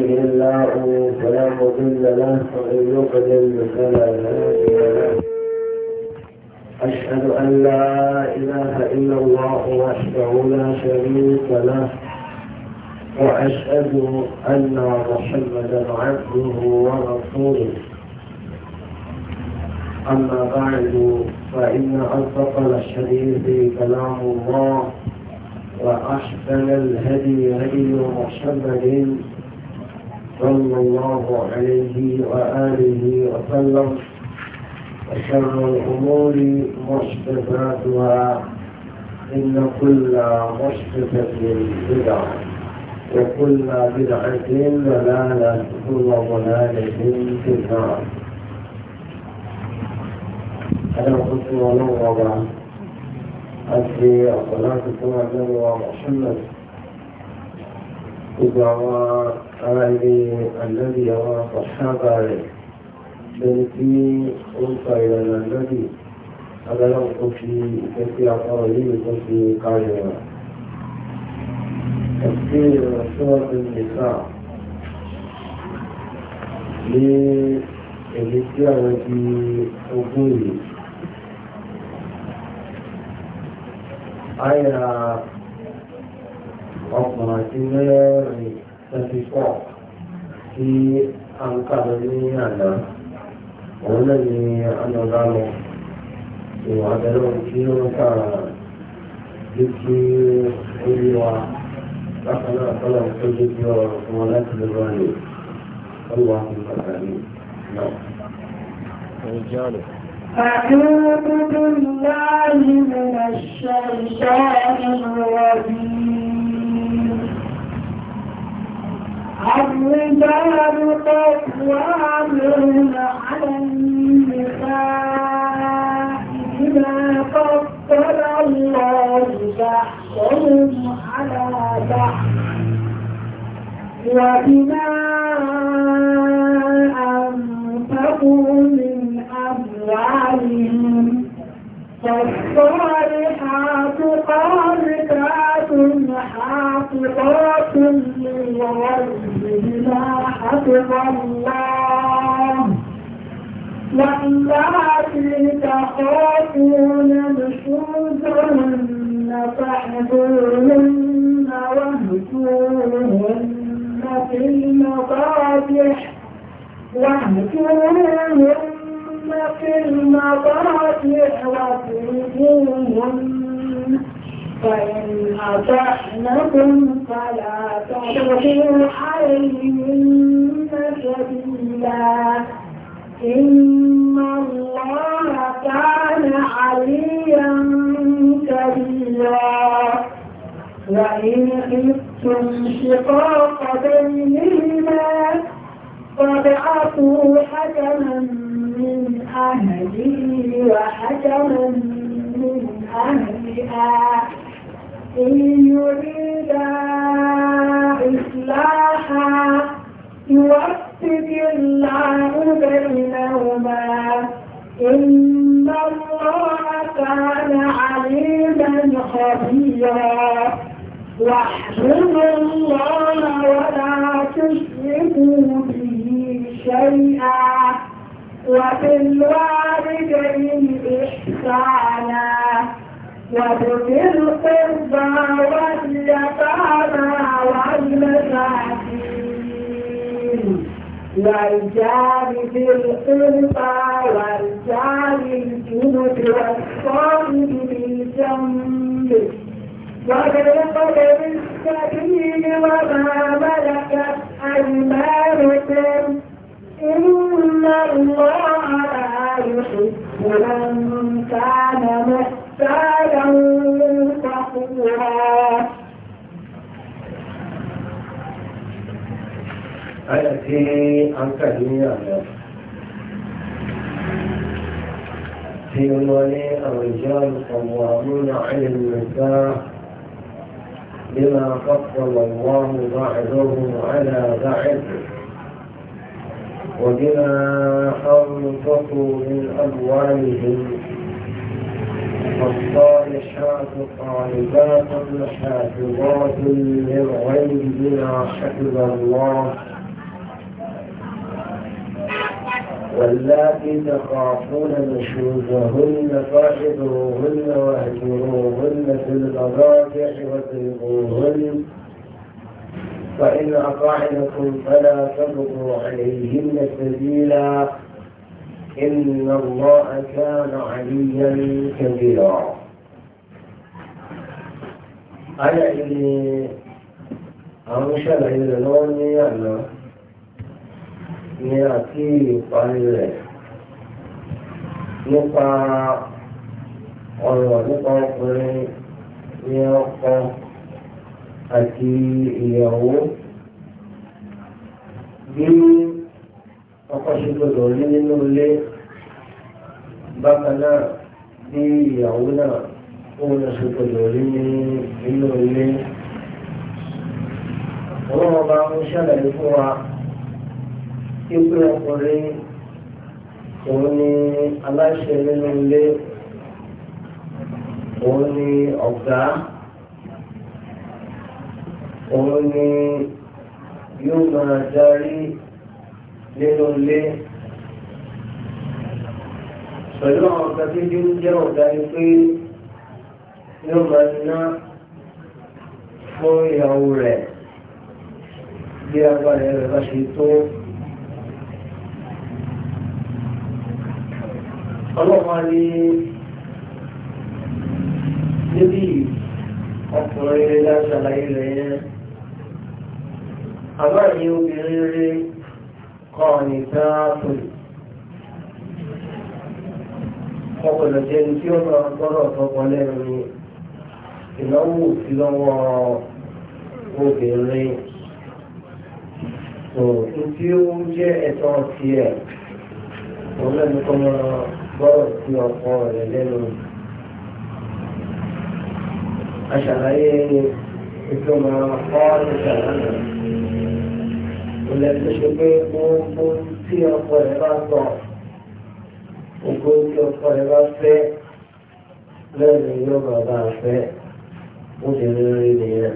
أشهد أن لا إله إلا الله وحده لا شريك له وأشهد أن محمدا عبده ورسوله أما بعد فإن أصدق الحديث كلام الله وأحسن الهدي هدي محمد صلى الله عليه وآله وسلم وشر الأمور محدثاتها إن كل محدثة بدعة وكل بدعة ضلالة وكل ضلالة في النار أنا كنت ونورا أنت صلاة النبي محمد gbogbo àwọn ará ilé ànábì àwọn àpàṣábà rẹ̀ lẹ́ni tí ó ń fa ìrànà ànábì agbáláwọ̀ tó fi ìfẹ́ sí apá orílẹ̀ tó fi kárí wọn. ẹ̀sìn ìrànṣọ́ọ̀dù di ogún yìí. Aya ọkùnrin àti mẹ́rin thirty four tí a ń kàdé ní àná òun náà ni anọ̀dá lọ ìwà abẹ́rẹ́ tí ó ń kà bí kí ó yé wa bákan náà tọ́lá tó dé bí ọ̀rọ̀ fún wọn láti lè wá lè ọlọ́wà fún pàtàkì náà. أعوذ بالله وبما أنفقوا من أموالهم فالصالحات قانتات حافظات للغيب بما حفظ الله واللاتي تخافون نشوزهن فاحذرهن واهجرهن في المضاجع واخرجوهن فإن أطعنكم فلا تبغوا عليهن سبيلا إن الله كان عليا كبيرا وإن خفتم شقاق بينهما فبعثوا حكما من أهله وحكما من أهلها إن يريدا إصلاحا يوفق الله بينهما إن الله كان عليما خبيرا واحمد الله ولا تشركوا به شيئا وبالوالدين إحسانا وبذي القربى واليتامى والمساكين والجار ذي القربى والجار الجنب والصائم بالجنب وبالقدر السبيل وما ملكت أيمانكم إن الله لا يحب من كان محتالا فخورا التي أنت هي في ولي الرجال قوامون على النساء بما فضل الله بعضهم على بعض وبما أنفقوا من أموالهم والصالحات طالبات حافظات للغيب بما حفظ الله واللاتي تخافون نشوزهن فاحذروهن واهجروهن في المضاجع واتركوهن فإن أطعنكم فلا تبغوا عليهن سبيلا إن الله كان عليا كبيرا أنا إلي أمشى لإلوني أنا ni àti ìparí rẹ̀ nípa ọ̀rọ̀ nípa ọkùnrin ní ọkọ àti ìyàwó bí ọkọ ṣe gbọdọ̀ rí nínú ilé bákan náà bí ìyàwó náà òun ṣe gbọdọ̀ rí nínú ilé. Àwọn ọba ń ṣàlàyé fún wa kí pé ọkùnrin òun ni aláṣẹ nínú ilé òun ni ọ̀gá òun ni yóò máa darí nínú ilé pẹ̀lú àwọn ọ̀gá tí yóò jẹ́ ọ̀gá ni pé yóò máa ná fún ìyàwó rẹ̀ bí agbára rẹ̀ bá ṣe tó. ọlọ́pàá ní níbí ọkùnrin rẹ̀ ṣàlàyé rẹ̀ yẹn àmá ní obìnrin rí kọ́ọ̀nì tààtù ọgbọ̀dọ̀ jẹ́ ní tí ó máa gbọ́dọ̀ tọ́kọ lẹ́nu ni ìnáwó sí lọ́wọ́ obìnrin tó tí ó jẹ́ ẹ̀tọ́ tiẹ̀ òun lẹ́nu kọ́ máa gbọ́dọ̀ sí ọkọ rẹ̀ lẹ́nu aṣàlàyé ìtumọ̀ ọ́ọ́dún ṣàlàyé lẹ́sẹ̀ ṣe pé ohun tí ọkọ rẹ̀ bá sọ ògbó tí ọkọ rẹ̀ bá fẹ́ lẹ́nu yóò bàbá fẹ́ obìnrin rẹ̀ nìyẹn.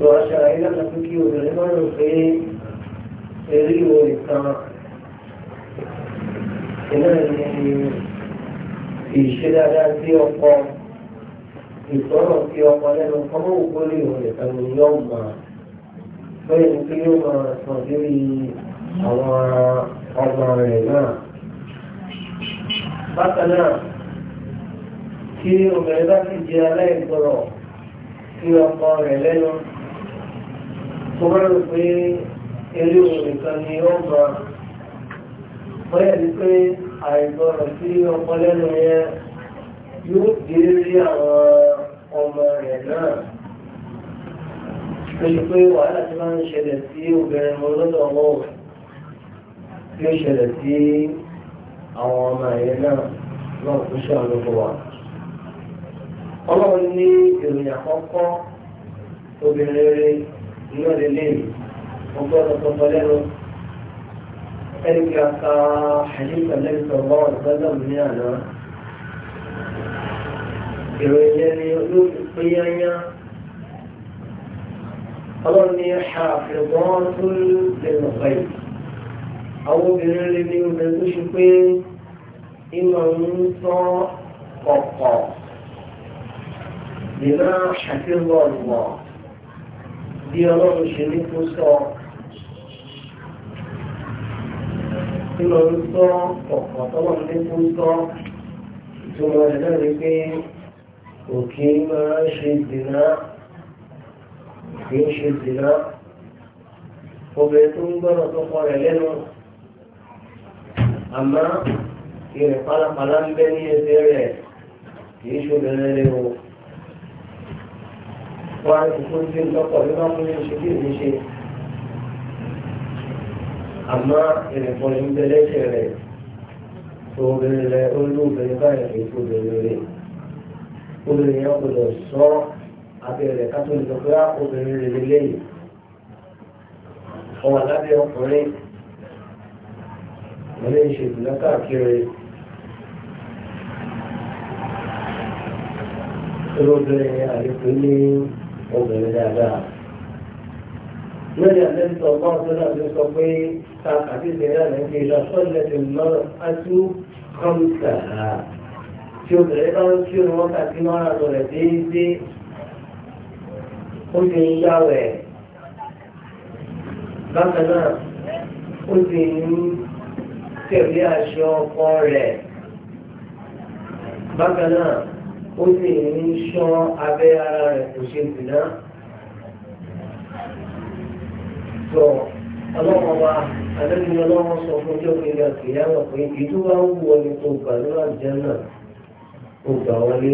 lọ aṣọ àyè láti fi kí obìnrin máa rò pé eré ìwò ìtàn iná ní ìṣe dáadáa sí ọkọ ìtọ́nà sí ọkọ lẹ́nu kọ́mọ́ ògbó lè wọ̀ nìkan ni yóò bẹ́ẹ̀ ni pé yóò máa sàn lórí àwọn ọgbà rẹ̀ náà. bákan náà tí obìnrin bá sì jẹ́ aláìgbọràn sí ọkọ rẹ̀ lẹ́nu tó bá rò pé eré òun nìkan ni ó máa bọ́yẹ̀ ni pé àìgbọràn sí ọkọ lẹ́nu yẹn yóò dé rí àwọn ọmọ rẹ̀ náà lórí pé wàhálà tí máa ń ṣẹlẹ̀ sí obìnrin ọmọ lọ́dọ̀ ọmọ rẹ̀ tí ó ṣẹlẹ̀ sí àwọn ọmọ ẹ̀yẹ náà náà tó ṣe àlọ́bọ̀ wa. ọlọ́run ní ìròyìn àkọ́kọ́ obìnrin rẹ̀ náà lè lè ọgbọ́n ọ̀tọ̀ọ̀tọ̀ lẹ́nu ọlọ́run ní ṣàfihàn tó lẹ́nu ọ̀pẹ́ àwọn obìnrin lè ní obìnrin tó ṣe pé ìmọ̀ ń sọ ọ̀pọ̀ lèlá ṣàfihàn wọ̀ bí ọlọ́run ṣe ní kó sọ ìmọ̀ ń sọ ọ̀pọ̀ tọ́lọ́run ní kó sọ ìtumọ̀ rẹ̀ náà ni pé òkè máa ṣe dènà kì í ṣe zìnà obìnrin tó ń gbọ́dọ̀ tó kọ rẹ̀ lẹ́nu àmọ́ ìrìn pálapàla ń bẹ ní ẹsẹ̀ rẹ̀ kì í ṣe obìnrin rẹ̀ o wọ́n á ti fún sí lọ́pọ̀ nígbà tó ní ṣe kí ní ṣe àmọ́ ìrìn pọ̀ ń bẹ lẹ́sẹ̀ rẹ̀ tó obìnrin rẹ̀ ó lóbìnrin báyìí kì í ṣe obìnrin rẹ̀ obìnrin yẹn kò lọ sọ́ọ́ abẹ́rẹ́ ká tó lè sọ pé ah, obìnrin rèé lábẹ́ ọkùnrin wọlé ìṣèlú lọ́kàkiri olóbìnrin àyíkú ní obìnrin dáadáa. lórí àlẹ́sọ̀ ọgbọ́n tó náà ló sọ pé ta àti ìṣẹ̀lẹ̀ rẹ̀ fi ìlọsọ́lẹ̀ ti mọ́ ájú kọ́ńtà tí obìnrin bá ń kírun wákàtí márùn-ún rẹ̀ déédéé ó ti ń yáwẹ̀ bákan náà ó ti ń tẹ̀lé àṣẹ ọkọ rẹ̀ bákan náà ó sì ń ṣọ́ abẹ́ ara rẹ̀ kò ṣe dìná. sọ ọlọ́mọba àdébìnrin ọlọ́mọ sọ fún ọjọ́ kejì àkèyà wọn pé ìdúrà ń wọ ní kò gbà jẹ́ náà kò wọlé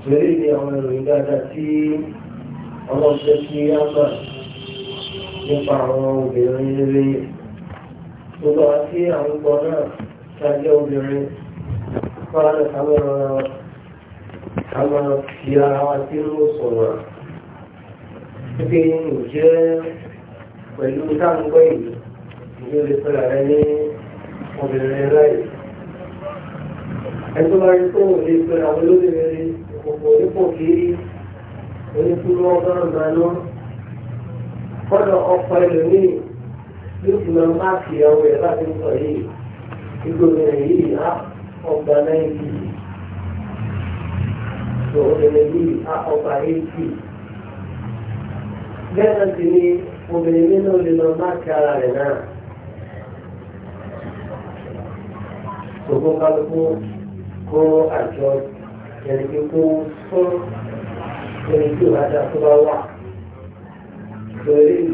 ìfẹ́lẹ́ ni àwọn ìròyìn dáadáa tí ọlọ́ṣẹ́ tí a nípa àwọn obìnrin rere gbogbo àti àwọn ọgbọ́n náà tí obìnrin fọ́nrán àwọn àwọn ti ara wa tí ó sọ̀rọ̀ pípé ìjẹ́ pẹ̀lú táǹgbọ́ ìlú ìlú lè pẹ̀lú rẹ ní obìnrin láì ẹni tó bá rí tó lè pẹ̀lú àwọn olóbìnrin onípò kiri onípolówó ọgọ́rùn-ún gbanú kọ́dọ̀ ọkọ̀ ẹlòmíì yóò fi máa bá fi ọwọ́ ẹ̀ láti ń sọ yìí ìgbòmí rẹ̀ yìí á ọgbà náà yìí tó obìnrin yìí á ọgbà yìí bẹ́ẹ̀ náà sì ni obìnrin nínú lè lọ máa kí ara rẹ̀ náà. Gbogbo kálukú kó àjọ ẹni tí kó fún ẹni tí ò rájà tó bá wà lórí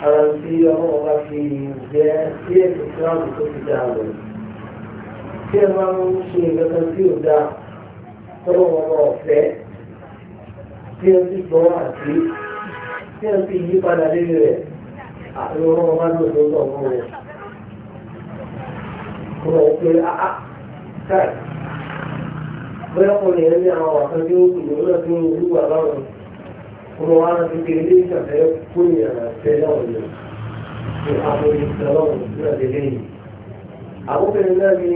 ara tí ọmọ wọn bá fi jẹ sí ẹsẹ tí wọn tó fi dá lọ tí ẹ máa ń ṣe kankan tí ò dá bóyá kò lè ní àwọn àkàn tí ó náà tó ń wúwà láwọn ọmọ wa náà fi ilé ìṣàfẹ́ kó ní àfẹ́ láwọn ní àbòrí ìṣàlọ́wọ̀n náà lè léyìn. àbúkẹ́ni náà ni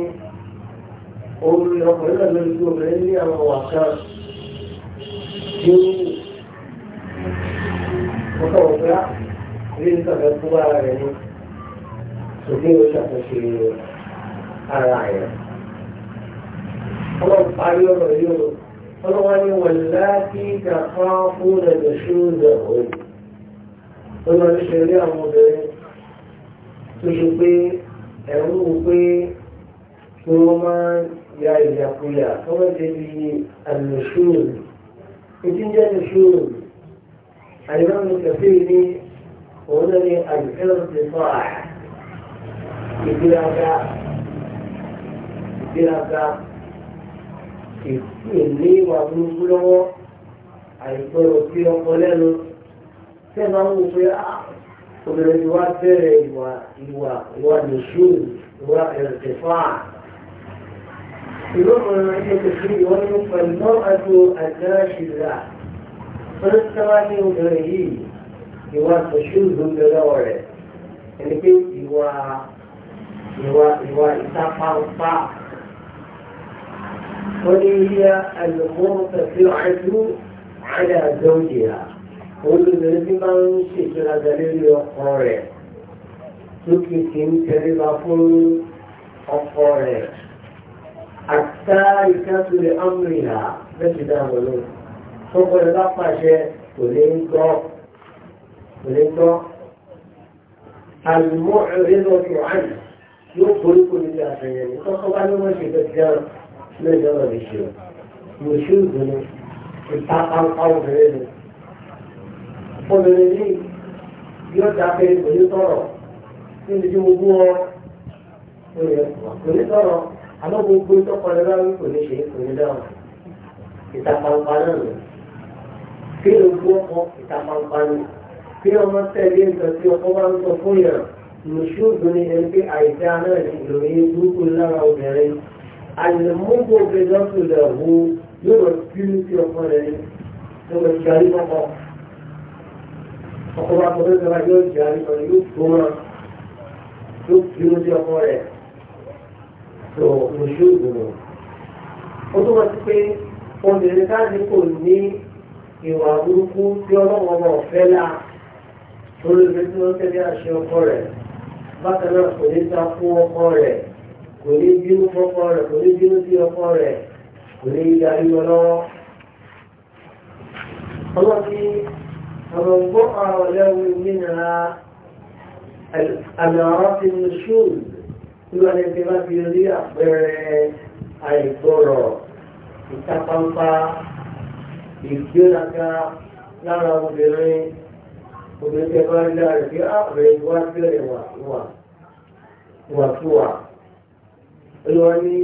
òun ọkùnrin náà lórí tí obìnrin ní àwọn wàṣà tí ó wù wọ́n kọ̀ wọ́n fẹ́ ah, ilé ìṣàfẹ́ kó ara rẹ̀ ní òbí ìṣàfẹ́ ṣe ara rẹ̀ ọlọ́run parí ọ̀rọ̀ yìí o ọlọ́wọ́n ni wọ́n láti kàkọ́ fún ẹ̀dọ̀ ṣúúdọ̀ òun ọlọ́run ní ṣe rí àwọn obìnrin tó ṣe pé ẹ̀rú pé kí wọ́n máa ya ìyàkuyà tó wọ́n ti di àlùṣúùn ìdí jẹ́ àlùṣúùn àyíká mi kẹfẹ́ ní òun náà ni àlùkẹ́rù ti fọ́ à ìgbéraga ìgbéraga èsì èlé ìwà burúkú lọ́wọ́ àìgbọ́rọ̀ sí ọkọ lẹ́nu tí ẹ máa ń wò pé obìnrin ti wá bẹ̀rẹ̀ ìwà ìwà ìwà nìṣú ìwà ẹ̀rẹ̀tẹ̀fà. ìlú ọ̀rọ̀ ẹgbẹ́ kòkiri ìwọ́n ní pẹ̀lú àjò àjẹ́rẹ́ṣìlá wọ́n ti sábà ní obìnrin yìí ìwà nìṣú ló ń bẹ lọ́wọ́ rẹ̀ ẹni pé ìwà ìwà ìwà ìtapáńpá. وهي المرتفعة على زوجها والذي ما يمشي هذا للقارئ تكتم كذبة القارئ التاركة لأمرها بس ده ملوك فقل لقى شيء ولينكو ولينكو المعرضة عنه يخرج لله يعني فقط أنا ماشي بالجرم lórí ọ̀rọ̀ ìṣirò mo ṣe ògùn ní ìta pàápàá obìnrin ni obìnrin yìí yóò dákẹ́ òní tọ̀rọ̀ níbi tí gbogbo ọ òní tọ̀rọ̀ àmọ́ gbogbo tọkọlẹ bá wí kò ní ṣe kò ní dáhùn ìta pàápàá náà nù kí ló gbọ́ ọkọ ìta pàápàá nù kí ọmọ tẹ̀lé nǹkan tí ọkọ bá ń sọ fún yàrá mo ṣe ògùn ní ẹni pé àìsí aná ìròyìn burúkú lára obìnrin àyẹ̀mọ́gbò gbẹdọ́ tó lẹ̀ wo yóò lọ sí ní ti ọkọ rẹ̀ ní tó lọ sí àrí kọ́kọ́. ọkọ bá tọ́jú ìjọba yóò jẹ́ àrí kan yóò tó wọn yóò kí ní ti ọkọ rẹ̀ tó lóṣù ìgbòho. ó tó wọn ti pé obìnrin káàdì kò ní ìwà burúkú tí ọlọ́wọ́ ọmọ ọ̀fẹ́ là olóògbé tí wọ́n tẹ́lẹ̀ àṣẹ ọkọ rẹ̀ bákan náà kò ní ta fún ọkọ rẹ̀ kò ní bínú fọ́kọ rẹ̀ kò ní bínú sí ọkọ rẹ̀ kò ní darí wọn lọ́wọ́. ọlọ́tí ọ̀rọ̀ gbọ́ ọ̀rọ̀ lẹ́wù nínú àmì ọ̀rọ̀ ti ní ṣùgbọ́n nígbà tí ẹgbẹ́ bá fi rí àpẹẹrẹ àìgbọ́rọ̀ ìtapáńpá ìgbéraga lára obìnrin obìnrin tẹ bá rí lára rẹ̀ pé àpẹẹrẹ ah, wá bẹ̀rẹ̀ wà wà olùwà ní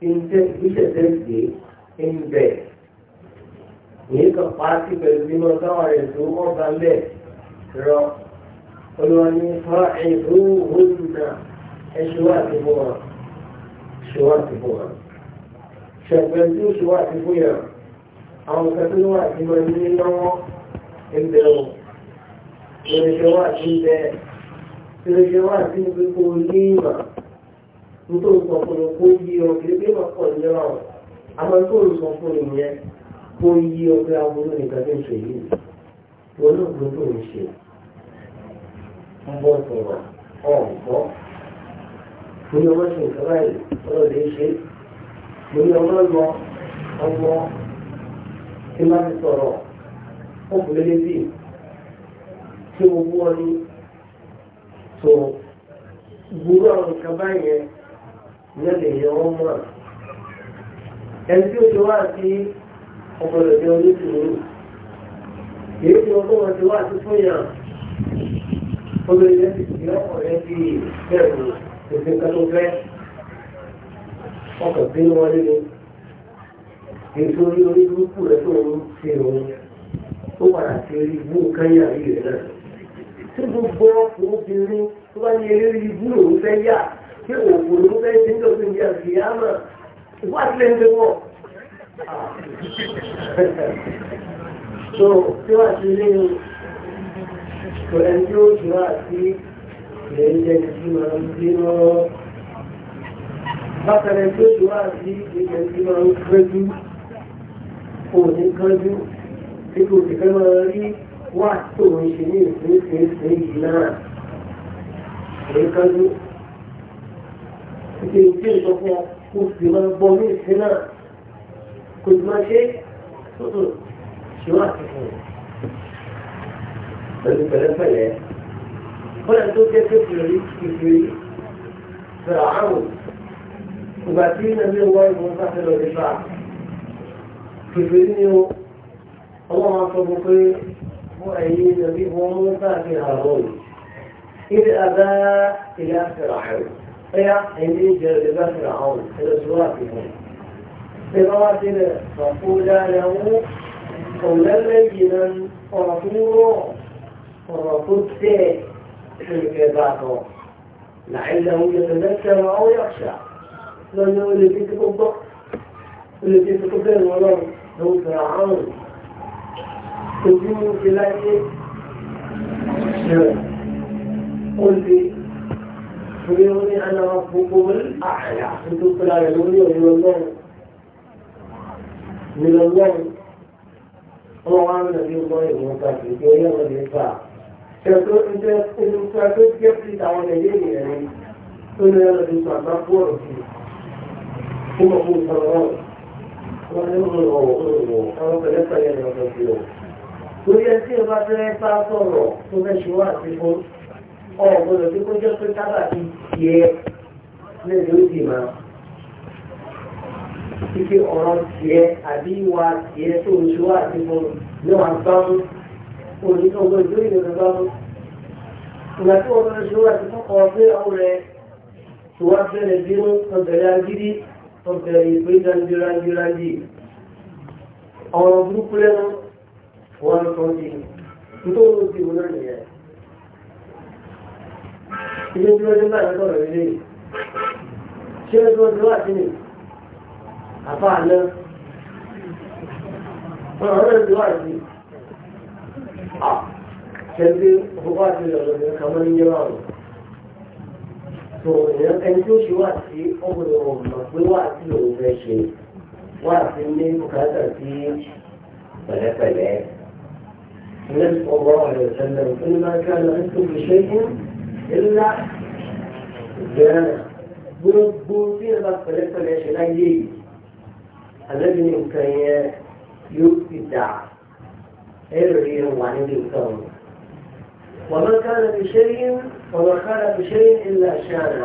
ìṣẹ̀ṣẹ̀ gbé ń bẹ̀. Èyí kan pàtí pẹ̀lú mímọ́ káwọn rẹ̀ tó wọ́n bá lẹ̀ rọ. Olùwà ní fa ìlú òhùnà ẹṣù àti bùwà. Ṣù àti bùwà. Ṣẹ̀pẹ̀ tí ó ṣù àti bùyà. Àwọn kan tó wà tí wọ́n ní lọ́wọ́ ń bẹ̀ o. Ìrìnṣẹ́ wà tí ń bẹ̀. Ìrìnṣẹ́ wà tí ń gbé ní ìmọ̀ nítorí sọ fún mi kó yí ọ kí ló máa pọ̀ nílẹ̀ wà wọ́n àmọ́ tó ń sọ fún mi yẹn kó yí ọ pé aburú nìkan tó ń ṣe yìí wọn náà ló tó ń ṣe ń bọ̀ sọ̀rọ̀ ọ̀gbọ́ mo ní ọmọ ṣe nǹkan báyìí ọlọ́dẹ ṣe mo ní ọmọ lọ ọmọ tí máa ti sọ̀rọ̀ ọkùnrin lébi tí mo bú ọ ní tó gbúrú àwọn nǹkan báyìí yẹn nílẹ̀ yẹn wọ́n ẹni tí ó ti wá sí ọgbọ̀dọ̀ jẹ́ èyí tí wọ́n ti wá sí fún yàn obìnrin yẹn bí bẹ́ẹ̀ni ìfẹ́ kan tó fẹ́ ọkọ̀ bínú wọn nínú orí orí burúkú rẹ tó ń ṣe òun ó padà sí orí ibú yà rí rẹ náà tí gbogbo obìnrin tó bá ní eré ibú òun fẹ́ yà pé òwò ló fẹ́ ṣe ń dọ̀tí ìyá ìyá wá sílẹ̀ ń gbé so tí wàá ti lé ní kò ẹni tí ó jù wá sí ilẹ̀ tí máa ń gbé lọ. bákan ẹni tí ó jù wá sí ilẹ̀ tí máa ń kánjú kò ní tí kò sì fẹ́ máa rí wá tó ń ṣe ní ìsinsìnyí náà. Èyí kánjú ìpè òkè ìsọ fún ọ kó sì máa gbọ́ ní ìsìn náà kò sì máa ṣe tótó ṣe wá sí fún un. pẹ̀lú pẹ̀lẹ́pẹ̀lẹ́ bọ́lá tó jẹ́ pé kìrì kìrì fẹ̀rẹ̀ àrùn ìgbà tí nàbí wọ́n ìwọ̀n sáfẹ́ lọ nípa kìrì ni ó ọlọ́run máa sọ fún pé fún ẹ̀yìn nàbí wọ́n mú sáfẹ́ àrùn ìdí àdá ìyá fẹ̀rẹ̀ àrùn. فيا عندي جلد بكر عون الأسواتهم بقاتل فقولا له قولا لينا ورسولا ورسولتي تلك ذاته لعله يتذكر أو يخشى لأنه اللي فيك الضغط اللي فيك الضغط والله هو فرعون تجيب إليه قلت torí ó ní àná gbogbo àyà tó pẹ́lá rẹ̀ lórí ọ̀rọ̀ náà nílò náà ọmọ wa ń lọ bí ọgbọ́n ìwọ̀n ká sí pé ọyẹ́ wọn lè fà ṣètò ìjẹ́ olùkọ́ tó jẹ́ sí àwọn nàìjíríà rẹ̀ tó ní ọ̀rọ̀ ti sọ àgbá fún ọ̀rọ̀ sí kí wọ́n fún ìsọ̀rọ̀ náà wọ́n ní ọ̀rọ̀ ọ̀rọ̀ ọ̀rọ̀ àwọn pẹ̀lẹ́pẹ̀lẹ́ ni ọ̀rọ̀ sí ọ̀ torí ẹ tí o bá fẹ́ bá sọ̀rọ̀ tó fẹ́ ṣe wá àti fún ọ̀gbọ́dọ̀ tí kó jẹ́ pé sábà ti ti ẹ lẹ́yìn ó sì máa títí ọ̀rọ̀ tiẹ̀ àbí ìwà tiẹ̀ tó ń ṣe wá àti fún ní wàá gbámú onítọ̀gbọ́n ìlú ìlú gbámú. ìgbà tí wọ́n lọ ṣe wá àti fún ọ pé ọ̀hún rẹ̀ tó wá bẹ̀rẹ̀ bínú ọbẹ̀rẹ̀ agídí ọbẹ̀rẹ̀ ìpè dandírandírandí ọ̀rọ̀ burúkú lẹ́nu wọ́n sọ ti nítorí ó ti wọ́n náà nìyẹn ilé dúró ní báyìí sọ̀rọ̀ ilé yìí ṣé dúró dúró àti nì àfa àná wọn àwọn náà dúró àti ṣẹ́bí ọkọ̀ àti ìlọ̀lọ̀ ní kàmọ́ ní yẹ́wà wọn. tó ìyẹn ẹni tó ṣe wà sí ọgbọ̀dọ̀ ọ̀gbọ̀n pé wà sí òun fẹ́ ṣe wà sí ní bùkátà sí pẹ̀lẹ́pẹ̀lẹ́. النبي صلى الله عليه وسلم إنما كان عندكم بشيء ńlá bẹ̀rẹ̀ gbogbo bí ẹ bá pẹ̀lẹ́pẹ̀lẹ́ ṣe láyé yìí àlẹ́bí ní nǹkan yẹn yóò ti dà ẹ̀rọ yẹn wà níbi nǹkan o. wàmọ́ kára fi ṣe yín wàmọ́ kára fi ṣe yín ńlá ṣáàna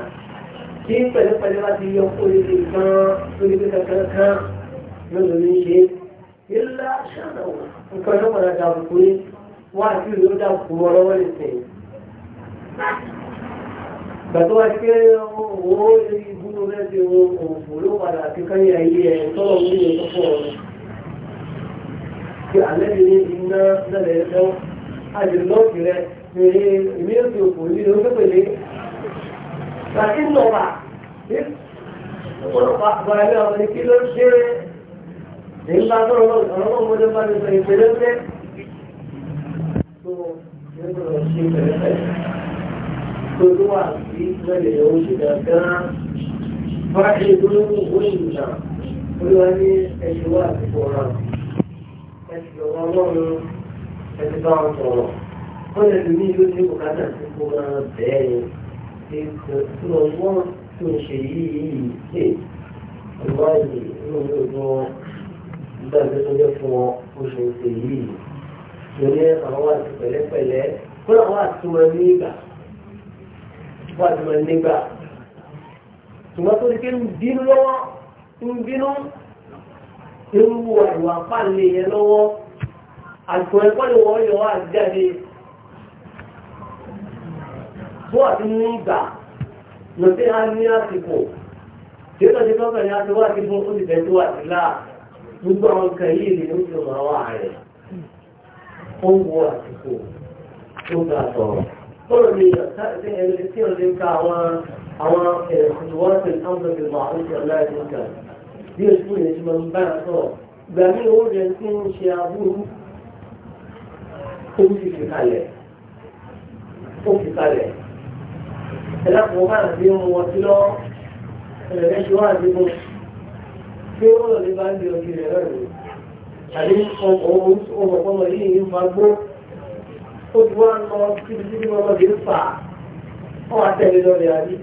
tí pẹ̀lẹ́pẹ̀lẹ́ bá ti yọ kó níbi kan tó níbi kankan kan lọ́dọ̀ ní ṣe ńlá ṣáàna nǹkan náà wà láti àbùkù yín wá àti ìlú dàbùkù wọn lọ́wọ́ nìsín gbàtọ́ wá pé owó ìbúrò rẹ̀ ti wo òfò ló padà ti káyé ayé ẹ̀ tọ́lọ̀ ní ìwé tó pọ̀ ọ̀rọ̀ kí alẹ́ mi ní iná lẹ́lẹ̀ ẹ̀fọ́ àjẹlọ́ọ̀kì rẹ̀ pèrè èmi ò fi òfò ní ìlú pépèlé gbàtí nọ̀wà ọ̀pọ̀lọpọ̀ àgbàrá mi àwọn kí ló ṣe é nígbà tó rọ̀ ọ̀rọ̀ ọmọdé bá mi sọ ìpèlè pẹ̀lú àti mẹ́lẹ̀ oṣù dáadáa bá ìgbóhùn òyìnbá olúwa ní ẹ̀ṣẹ̀ wà àti bọ̀rọ̀ ẹ̀ṣẹ̀ wọn lọ́rùn ẹ̀ṣẹ̀ bá wọn sọ̀rọ̀ wọ́n lè ní ìlú ní bùkátà tí kò máa bẹ́ẹ̀ ni tí wọ́n wọ́n tó ń ṣe yìí ṣe ìwádìí inú mi ò dún nígbà tí ó jẹ́ fún wọn ó ṣe ń ṣe yìí lórí àwọn àti pẹ̀lẹ́pẹ̀lẹ́ kó làwọn àti wọn ní ìgbà bá ti mọ̀ nígbà ṣùgbọ́n tó ní kí ń bínú lọ́wọ́ ń bínú irú ìwà pàlè yẹn lọ́wọ́ àgbọn ẹ̀kọ́ ni wọ́n yọ àjáde tó àti ní ìgbà lọ́tí á ní àsìkò tí ó lọ sí tọ́kàn ní aṣọ wá sí fún oṣìṣẹ́ tó wà sílá gbogbo àwọn nǹkan yìí ni ó ti rọ̀ wá rẹ̀ ó wọ àsìkò tó ga sọ̀rọ̀. طول من كثير ذلك عوام خطوات الأمر بالمعروف والنهي عن المنكر bí o tún lè ti mọ bá a sọ̀rọ̀ gbà mí owó rẹ̀ tí ń ṣe aburú ó sì fi kalẹ̀ ó fi kalẹ̀ ẹlẹ́kùn bá àti ohun wọn sí lọ ẹlẹ́kẹ́ ṣe wá àdébò pé ó lọ lè bá ń di ọtí rẹ̀ rẹ̀ rẹ̀ àbí ọmọ ọmọ yìí ń ó ti wá lọ síbi tí wọ́n lọ́ọ́ lè fà á wọ́n wá tẹ̀lé lọ́ọ́ lè rí.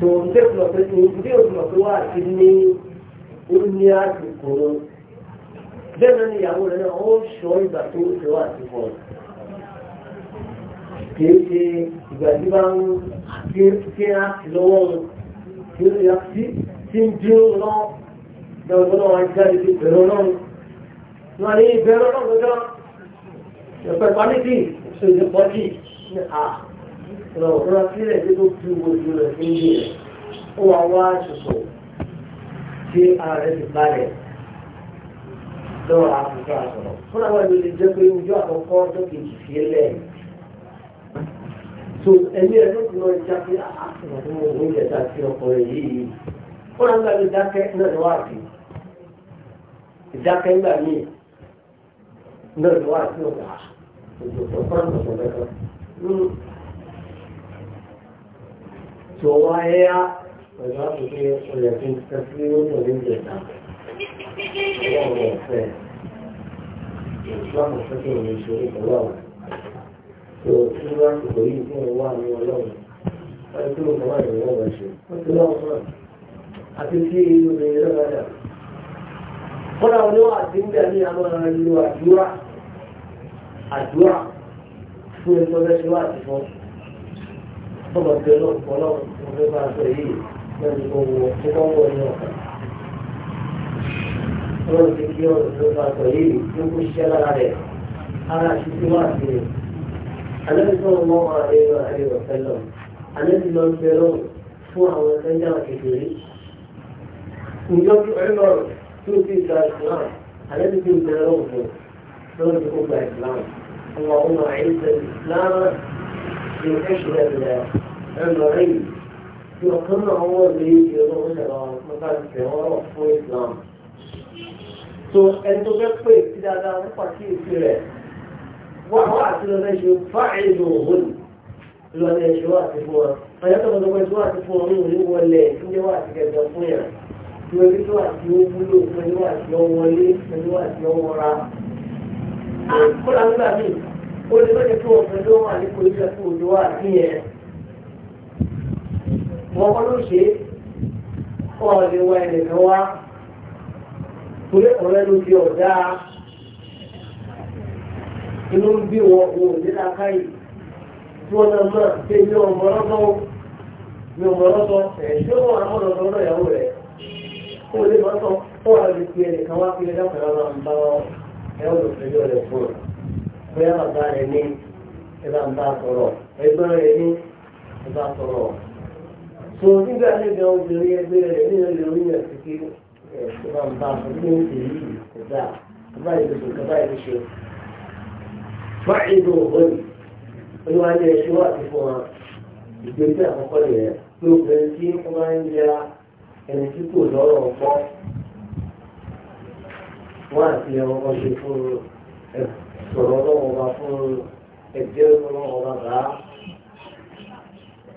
tòun tẹ́ kùnà pé ní ilé òkùnà pé ti ní ó ní àsìkò rẹ̀ bẹ́ẹ̀ náà ni ìyàwó rẹ̀ náà ó sọ ìgbà tó ṣe wà sí fún ọ kìí ṣe ìgbà tí bá ń gbé kí á sì lọ́wọ́ wọn kí ó yà sí tí ń dín lọ́wọ́ lọ́wọ́ lọ́wọ́ ajáde ìbẹ̀rẹ̀ ọlọ́run wọn ní ìbẹ̀rẹ̀ ọlọ́run lọ́jọ́ the personality so the body ní a lọ rọra sílẹ̀ tí tó fi ojú rẹ̀ sí ní rẹ̀ ó wá wá ṣoṣo tí ara rẹ̀ ti balẹ̀ lọ́wọ́ àfikún àsọ̀rọ̀ fúnra wọn ló lè jẹ́ pé ojú àkọ́kọ́ tó kejì fi lẹ̀ so ẹni ẹ ló ti lọ já pé àásùnà ah, ah, tó mọ òun jẹta sí ọkùnrin yìí fúnra wọn ló dákẹ́ náà lọ́wọ́ àfi ìdákẹ́ ńgbà míì náà ló wà sí ọ̀gá òjòjò fáwọn ọ̀gá kan tó wá yá pẹ̀lú àtúnṣe ọ̀lẹ̀ tó ń tẹ́ sí lórí ọ̀lẹ́ ìjẹta ọlọ́run ọ̀fẹ́ ìsìláàmù fẹ́kẹ̀ òní ìṣòro pẹ̀lú àwọn tó tí wọ́n ti kò yìí fún ìwà ní ọlọ́run wọ́n ti kúrò fún àwọn ìwọ̀n ọ̀ṣẹ́ àti tí ìlú mi rẹ̀ kọ́lá wọn ni wọ́n àti àwọn ọ̀rọ̀ ìlú àdúrà àdúrà fún ẹgbẹ́ ọ̀rẹ́ ṣe wá àtìfọ́ ọmọ ìgbẹ́ náà kọ́ náà wọ́n fẹ́ bá aṣọ yìí náà ní kọ́ kọ́ wọ ní ọ̀kan ọlọ́run ti kí ọ̀rọ̀ tó bá aṣọ yìí ló kó ṣiṣẹ́ lára rẹ̀ ara ṣiṣẹ́ wá sí i alẹ́ tó ń mọ́ àrẹ́wà àrẹ́wà fẹ́lọ̀ alẹ́ ti lọ شو في الإسلام هل في تناوله دون تكون الإسلام اللهم أعز الإسلام بأشهر الأمرين يقنع هو بيت يضرب شراب مثلا كهرباء وإسلام tó ẹni tó fẹ́ pè sí dáadáa wọ́n pàkíyèsí rẹ̀ wọ́n àwọn àti lọ fẹ́ ṣe fáìlì òhun lọ́dẹ̀ ṣe wà sí fún wọn. àyàtọ̀ lọ́dọ̀ pẹ̀lú wà sí fún wọn ní òní wọlé ìdíjẹ́ wà sí kẹjọ fún yàrá. tí oníwà tí ó wúlò oníwà tí ó wọlé oníwà tí ó wọra. kóra nígbà míì ó lè lóye tó ọ̀fẹ́ tó wà ní kò ní ẹ̀kọ́ òjò wà sí yẹn. wọ́n kọ́ ló ṣe kọ́ ọ lè wá ẹnìkan wá torí ọ̀rẹ́ ló fi ọ̀dá inú ń bí wọn òun nílá káyì tí wọ́n náà mọ̀ pé mi ò mọ̀ lọ́sọ̀ọ́ mi ò lọ́sọ̀ọ́ ẹ̀ ṣé wọn àwọn ọ̀dọ́ ọ̀dọ́ ìyàwó rẹ̀ ó lè máa sọ ó wà lè pe ẹnìkan wá pé ẹjọ́ kan máa ń bá ẹ ó rẹ̀ fún un bóyá bàbá rẹ̀ ní ẹ ń bá sọ̀rọ̀ ẹgbọ́n rẹ̀ ní ẹ sọ̀rọ̀ tó nígbà nígbà obìnrin ẹgbẹ́ rẹ̀ ní ẹ̀rọ oríyìn àti pé ẹ bá ń bá sọ̀rọ̀ ní èyí ìdá bàbá ìdòdò bàbá ìdòdò bá ìdò òbọ̀nì olúwa ní ẹṣin wà fífún wa ìgbésẹ̀ àkọ́kọ́ nìyẹn lóògbé tí wọ́n máa ń yẹra ẹni tí kò lọ́rọ̀ ọkọ́ wọ́n àti ọkọ ṣe fún ẹ̀sọ̀rọ̀ ọlọ́wọ́ ọba fún ẹgbẹ́ ọlọ́wọ́ ọba bá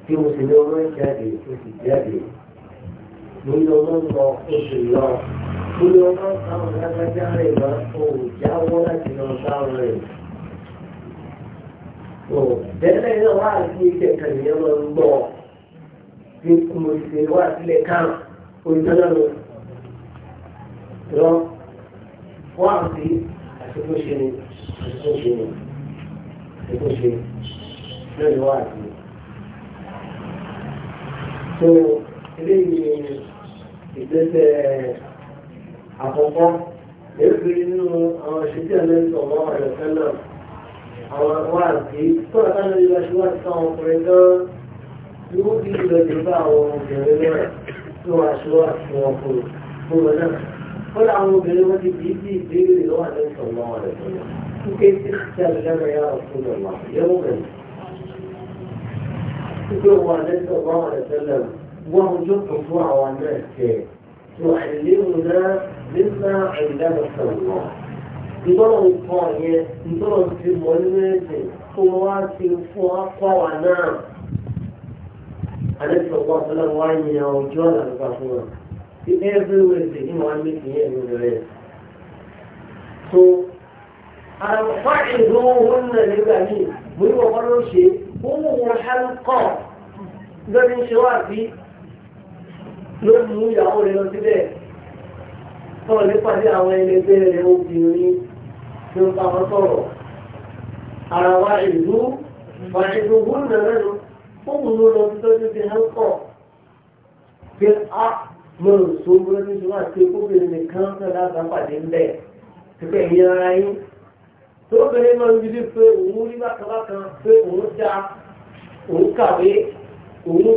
bí mo sì ní ọmọ ìjáde tó sì jáde mo ní ọmọ lọ ó sì lọ mo ní ọmọ táwọn lágbájá rẹ̀ bá ò jáwọ́ láti lọ sáwọn rẹ̀. Tẹ́lẹ̀ náà wá sí ìkẹ̀kẹ̀ nìyẹn lọ ń gbọ́ bí mo ṣe wá sílẹ̀ káàmù òǹtẹ́lẹ́rù lọ wọ́n àti àṣekúṣe ni àṣekúṣe ni àṣekúṣe lórí wọ́n àti. tó eléyìí ìgbésẹ̀ àkọ́kọ́ èébì nínú àwọn ìṣẹ́jú ẹ̀lẹ́sìn ọ̀gá àyọ̀kẹ́ náà àwọn wọ́n àti tó àtàlẹ́ ìlú aṣíwájú àwọn ọkùnrin náà yóò fi ìlú ẹ̀jẹ̀ bá lọ́wọ́ aṣọ àti ọkùnrin fún wọn náà. wọ́n láwọn obìnrin wọ́n ti bí bí ìbéèrè lọ́wọ́ àti ìsọ̀lọ́ rẹ̀ wípé tí kìtàlù lẹ́nu yà ọ̀fun lọ́wọ́ yẹ́wò rẹ̀. wípé wọn àti ìsọ̀lọ́ rẹ̀ tẹ́lẹ̀ wọ́n ojú kò fún àwọn náà tẹ̀. تعلمنا مما عندنا الله ìtọ́lọ̀ nǹkan yẹn ìtọ́lọ̀ ti mọ̀ nínú ẹ̀sìn tó wá ti fún apá náà àdéhùn ọ̀pọ̀ ọ̀sọ́lá wá yan ojú ọ̀nà nípa fún wọn tí every wednesday ní wọn méjì yẹn ní ìrẹ̀ so àrùfá ìlú wọn nà nígbà míì mo ní wọ́pọ̀ ló ṣe wọ́n mú wọn hálùkọ́ lórí ṣe wá sí ló mú ìyàwó rẹ lọ síbẹ̀ sọ̀rọ̀ nípa sí àwọn ẹlẹgbẹ́ rẹ obìnrin tó ń bá wọn sọ̀rọ̀ àràwá ìlú wàá ìlú wọn nà lẹ́nu fóònù ló lọ sí tọ́jú ti hẹ́ńkọ̀ pé a mo rò só wúlò ní ìṣúná àti kóbìnrin nìkan fẹ́ láti pàdé ńlẹ̀ pípẹ́ ìyẹn ara yín tó bẹ̀rẹ̀ máa ń bílí pé òun rí bákanbákan pé òun dá òun kàwé òun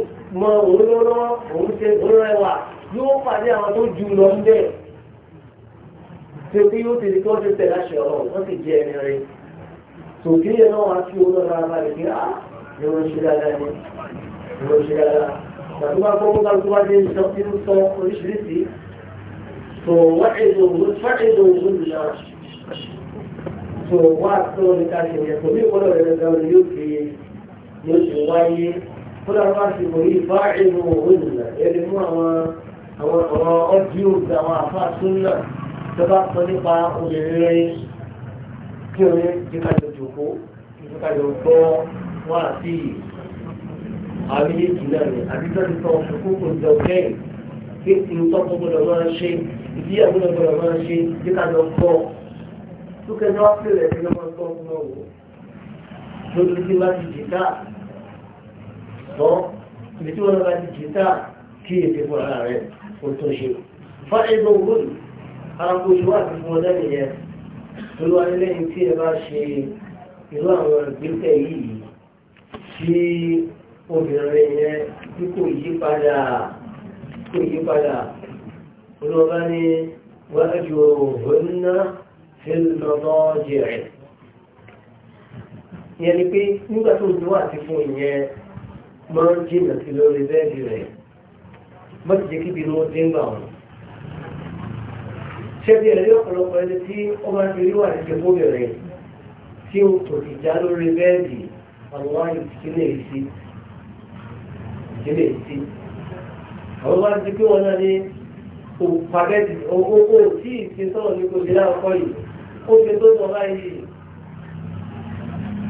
mọ òun lọ́wọ́ òun ṣe òun rẹwà yóò pàdé àwọn tó jù lọ ń bẹ̀ ṣe di kí wọ́n ti tẹ̀lé àṣẹ ọ̀rọ̀ wọ́n sì jẹ́ ẹni rẹ̀ tòkí yẹn ìwọ̀n ṣe dáadáa ni ìwọ̀n ṣe dáadáa tàbí wá gbọ́ gbọ́gbà tó wá dé sọ kí ń sọ oríṣiríṣi tó wá èdè òun fẹ́ èdè òun nìyà tó wá tó ní ká ṣe yẹ kò ní ìkọlọ rẹ gan ni yóò fi yóò ti wáyé tó dára wá sí kò ní bá èdè òun nìyà ẹni mú àwọn àwọn ọ̀rọ̀ ọ́díò àwọn àfáà tún náà tó bá sọ nípa obìnrin rẹ kí orin kíkájọ jòkó kíkájọ gbọ́ wọ́n àti àwọn méjèèjì náà ni àbíkọ́ni tó ń fún kókò jọ bẹ́ẹ̀ pé nǹkan tó gbọdọ̀ máa ṣe ìdí àgbọdọ̀ gbọdọ̀ máa ṣe bí ká lọ kọ́ lókè ní wọ́n fèrè ẹ̀sìn lọ́mọ tó ń mọ̀ wò lórí tí wọ́n ti jìtá tọ́ ibi tí wọ́n bá ti jìtá kí èdè fún ara rẹ̀ ó tó ṣe fún owó arákò ìlú àti fún ọjọ́ nìyẹn tó lọ́wọ́ lẹ́yìn tí ẹ bá ṣe irú àwọn ìgbésẹ̀ yìí tí obìnrin yẹn tí kò yí padà kò yí padà olóba ní wájú òhun náà fi lọ́dọ́ jẹ̀rẹ̀ yẹn ni pé nígbà tó dúró àti fún ìyẹn máa ń jìnà sí lórí bẹ́ẹ̀dì rẹ̀ mọ́tì jẹ́ kíbi ló dé ń gbà wọn. ṣebí ẹ̀rí ọ̀pọ̀lọpọ̀ ẹni tí ọmọ ẹni rí wà ní ṣe fún obìnrin tí o tò ti já lórí bẹ́ẹ̀dì àwọn ìkílè sí ìkílè sí àwọn bá ti pé wọn náà ní pàgẹ́tì owó tí ìṣe sọ̀rọ̀ ní kò sí láàkọ́ yìí ó ṣe tó sọ báyìí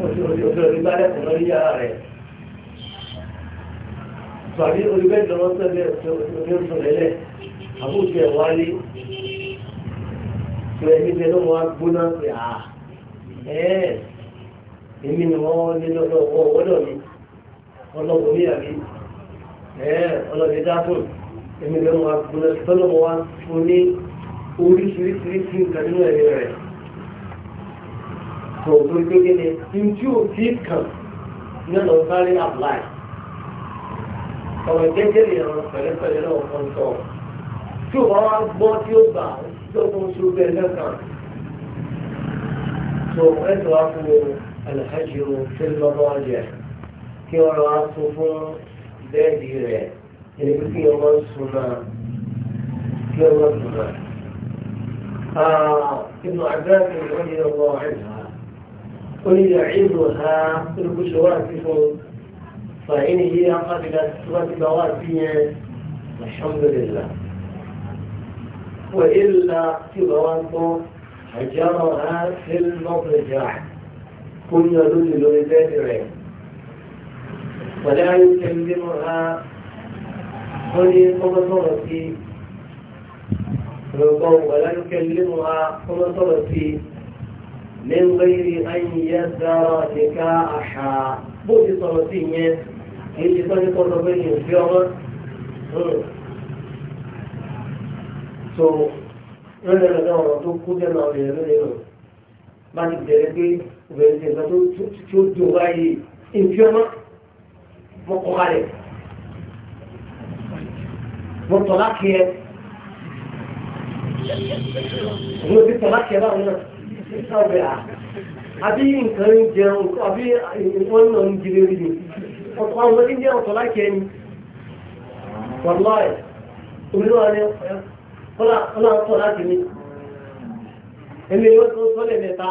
òṣèlú ìgbà lẹ́kọ̀ọ́ lórí yàrá rẹ̀ tàbí olùgbé ìjọba sẹ́lẹ̀ oníṣòlélẹ̀ àbújẹ wálé tí ẹni bẹ lọ́wọ́ gbóná pé à ẹ́ẹ̀ èmi ni wọ́n lé lọ́dọ̀ ọwọ́ ọ̀dọ̀ mi ọlọ́wọ́ ní àbí ọlọ́dẹ dákùn èmi lọ́mọ agbóná tọ́lọ́mọ wa fún ní oríṣiríṣiríṣi nǹkan nínú ẹ̀mí rẹ̀ tó tó tó kéde njú òtí kàn ní ọ̀nà sáré apply ọ̀rọ̀ jẹ́jẹ́ lè ràn pẹ̀lẹ́pẹ̀lẹ́ náà kan sọ tí ò bá wá gbọ́ tí ó gbà lọ́kùnrin الحجر في المضاجع kí ọ̀rọ̀ بادرة tó fún bẹ́ẹ̀dì rẹ̀ ابن عباس رضي الله عنها قل يعظها تركش واقف فإن هي قبلت ركب بواسية الحمد لله وإلا في بواسطه حجرها في المضجع kó ní ọdún lè lórí bẹ́ẹ̀dì rẹ̀ pẹ̀lú ayé tẹ̀ ń bímọ ha ó ní kọ́kọ́ sọ̀rọ̀ sí rọ̀gbọ́n wọ̀lá ló kẹ́ lé mu ha kọ́kọ́ sọ̀rọ̀ sí ní wẹ́rì ayé yẹ dára nìka àṣà bó ti sọ̀rọ̀ sí yẹn kì í ṣe sọ́ni kọ́kọ́ pé ní òfin ọmọ hmm. so lọ́dọ̀ lọ́dọ̀ ọ̀rọ̀ tó kú jẹ́ náà lè lórí rẹ̀ bá ti bẹ̀rẹ̀ pé obìnrin ti nǹkan tó dùn báyìí ìfi ọmọ mọ́kọ́ kalẹ̀ mo tọ́lá kí ẹ mo ti tọ́lá kí ẹ báwọn náà sábẹ́ à àbí nǹkan ń jẹun àbí wọ́n náà ń jílé rí ni ọ̀tọ̀ àwọn ọmọdé ń jẹun tọ́lá kí ẹ ni wàlúwà ẹ̀ òmìnira ni ọ̀la tọ́lá kí ni èmi yóò tó sọ́lẹ̀ mẹ́ta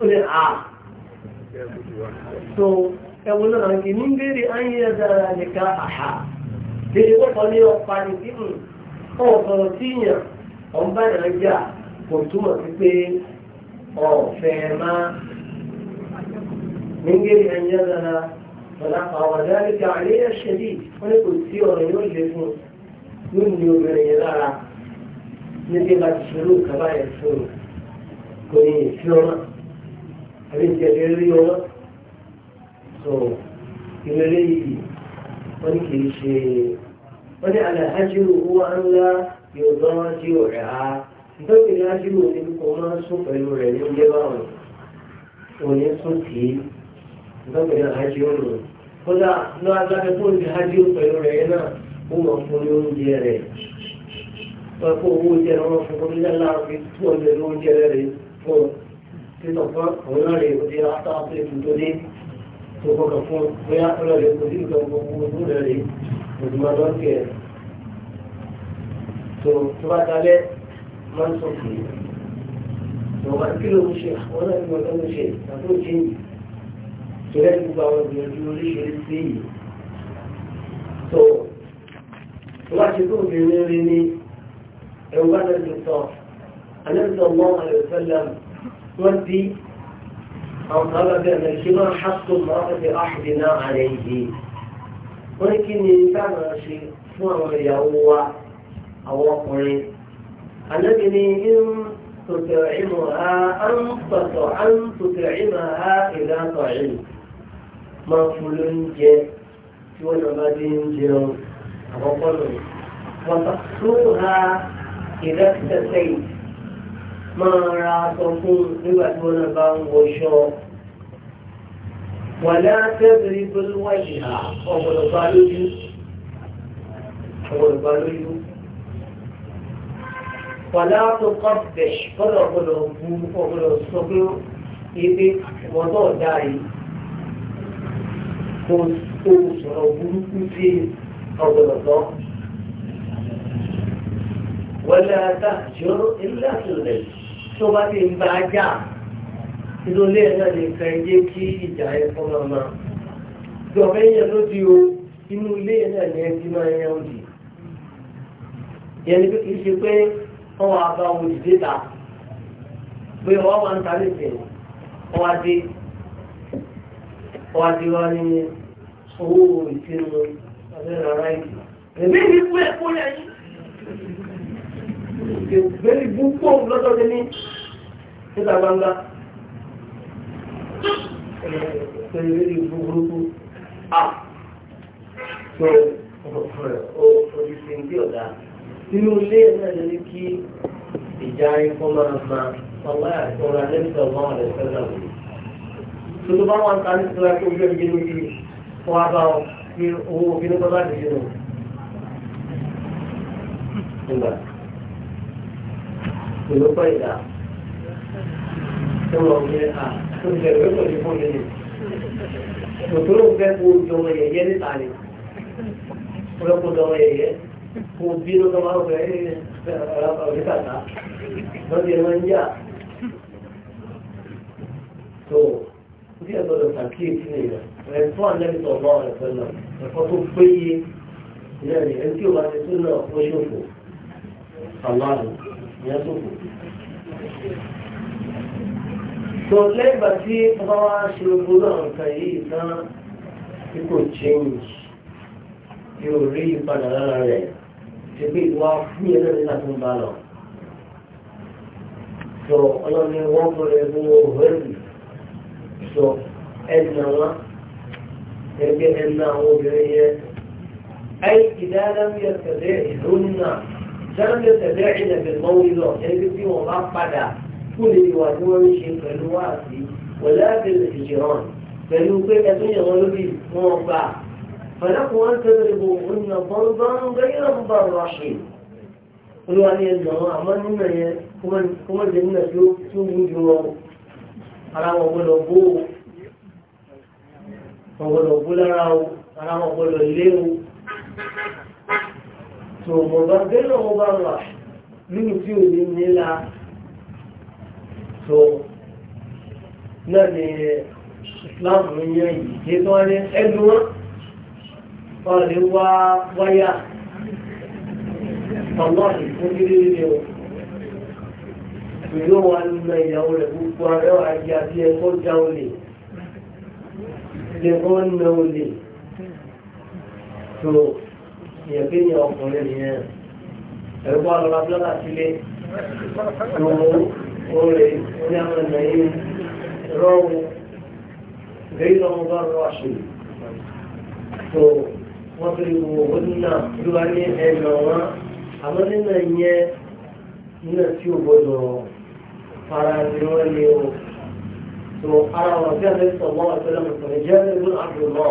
ó ní à ah. so ẹwọ náà kì ní bèèrè ayé ẹ̀dára nìkan àhà lèyẹ pọ̀pọ̀ ní ọ̀pá ní tí hmm, ń ọ̀sọ̀rọ̀ tí yàn ọ̀nbá náà jà kò túmọ̀ sí pé ọ̀fẹ́ máa ní bèèrè ayé ẹ̀dára وذلك عليه الشديد ونقول سيرة يوجد من يوجد من يدارا نبي لا تشروا كبائر الشروع kò ní ìfi ọmọ àbí ìjẹ rí ọmọ so ìrẹ̀lẹ̀ yìí wọ́n ní kìí ṣe wọ́n ní àlàájírò owó ńlá yóò lọ sí ọ̀rẹ́ a nítorí ní ájírò ní kò máa sún pẹ̀lú rẹ̀ ní ilé báwọn òní sún kì í nítorí ní àjírò nù kódà lọ agbára tó ń di ájírò pẹ̀lú rẹ̀ náà ó mọ̀ fún ní oúnjẹ rẹ̀ wọ́n kó owó oúnjẹ rẹ̀ wọ́n fún kó nílẹ̀ fún un títọ̀ fún òun náà rèé òde after after ètò tó dé tó kọ́kọ́ fún bóyá ọ̀rọ̀ rẹ̀ kò sí nǹkan gbogbo ojú rẹ̀ rèé òdùmọ̀ lọ́ọ̀kì ẹ̀ tó tó bá dalẹ̀ máa ń sọ fún yìí tó bá kí ló ń ṣe àwọn náà ní wọn lọ́wọ́ ṣe àbó jẹ́ yìí tó lẹ́nu gbogbo àwọn ìgbìyànjú oríṣiríṣi yìí tó tó bá ṣe tó obìnrin rí ní ẹ̀wọ́n bá lọ́ọ́ النبي صلى الله عليه وسلم تودي أو طلب أن الكبر حق المرأة أحدنا عليه ولكن كان شيء فهو يروى أو قري الذي إن تطعمها أنت أن تطعمها إذا طعمت مغفول جه ونبات أو قريب وتقصوها إذا اكتسيت máa ra aṣọ fún nígbà tí wọ́n náà bá ń wọṣọ. Wàlá tẹ́bìrì pẹ̀lú wáyé ha ọ̀gbọ̀dọ̀ bá lójú. ọ̀gbọ̀dọ̀ bá lójú. Wàlá tó kọ́ bẹ̀ṣ kọ́dọ̀ ọ̀gbọ̀dọ̀ bu ọ̀gbọ̀dọ̀ sọ pé ebe wọn náà dá yìí. Kò tó sọ̀rọ̀ burúkú sí ọ̀gbọ̀dọ̀ náà. ولا تهجر إلا في البيت tó bá ti gba ajá inú ilé ẹ̀ náà nìkan jẹ́ kí ìjà ẹ̀ fọ́nà máa jọ̀bẹ́ yẹn ló di o inú ilé ẹ̀ náà ní ẹbí máa yẹn òdì yẹn ni kì í ṣe pé wọ́n wá bá òdì déta pé wọ́n máa ń ta lẹ́sẹ̀ wọ́n á dé wọ́n á dé wá owó ìṣirò ọ̀sẹ̀ rárá ìlú. èmi ní fún ẹ̀kọ́ yẹn yìí. ìgbẹ́ni bú pọ̀ lọ́dọ̀ síta gbangba ṣèlérí ìlú burúkú a tó ó fojú sí ní ọ̀dà nínú ilé ẹ̀rọ ẹ̀rọ ní kí ìjà ikọ́ máa ma ọ̀gá ìṣọ́ra lẹ́sẹ̀ ọ̀gá ọ̀rẹ́ sẹ́lẹ̀ wò. tó tó bá wọn ta ní sọ́ra kó gbé ẹgbẹ́ lórí fún abá ọ owó òfin tó bá dìde nù. ìgbà ìlú pẹ́ ìdá tó lọ yẹ à tó jẹ pé kò ni tòtò ló ń fẹ́ kó jọ ọmọ yẹyẹ níta ni kó lọ kó jọ ọmọ yẹyẹ kó bí ló kọ́ máa ń fẹ́ ọ̀rẹ́ kàtà lọ́dẹ wọn ń yà tó bí ẹ gbọ́dọ̀ sàkíyèsí nìyẹn ẹ̀fọ́ àlẹ́bìtọ̀ náà ẹ̀fọ́ náà ẹ̀fọ́ tó péye náà ni ẹni tí o bá ti tún náà ó ṣòfò àlọ́ tó lẹ́gbà tí ọba wá ṣe gbogbo náà nǹkan yìí tán tí kò change yóò rí ìpadà lára rẹ̀ ṣe pé ìwà fún yẹn náà nígbà tó ń bá lọ. sọ ọlọ́ni wọ́n bọ̀rẹ̀ mú òhèrè sọ ẹ̀nà wọn gẹ́gẹ́ ẹ̀nà àwọn obìnrin yẹn. أي إذا لم يتبعهن لم يتبعن بالموضوع يجب أن يضع kó lè wà tí wọ́n ń ṣe pẹ̀lú wáàsí wọ̀lẹ́ àbẹ̀rẹ̀ ìjìrán pẹ̀lú pé ẹtún yẹn wọn lórí wọn gbà fẹ̀lẹ́kùn wọn tẹ̀lé bò ó ní ọ̀bọ̀n bá ń gbé yẹn bá rọ̀ ṣe olúwa ni ẹnu àwọn àmọ́ nínú yẹn kó mọ̀ jẹ́ nínú tó tó wú ju wọn ara wọn gbọdọ̀ bó wọn gbọdọ̀ bó lára o ara wọn gbọdọ̀ lé o tó mọ̀ bá gbé lọ́wọ́ bá rọ̀ lórí tí ò ní nílá tó náà ni islam ń yan ìdíje tó wá ní ẹnu wọn wọn lè wá wáyà ọmọ ìfúnkiri ni o ìlú wa ń na ìyàwó rẹ̀ gbogbo ara wa jẹ́ àti ẹ̀kọ́ já olè lè kọ́ na olè tó yẹ kí ni ọkùnrin yẹn ẹ̀rọ bá lọ́la bílọ́lá sílé tó قولي نعم النعيم رو غير مضرش تو وضربوهن دواني ẹ̀nàwá àmọ́ nínú ìyẹn nínú tí ó gbọdọ̀ fara ni wọ́n lé o tó ara wọn bí àti sọ̀mọ́ àtọ́lá mọ̀tọ́lẹ̀ jẹ́ ẹgbẹ́ àbúrò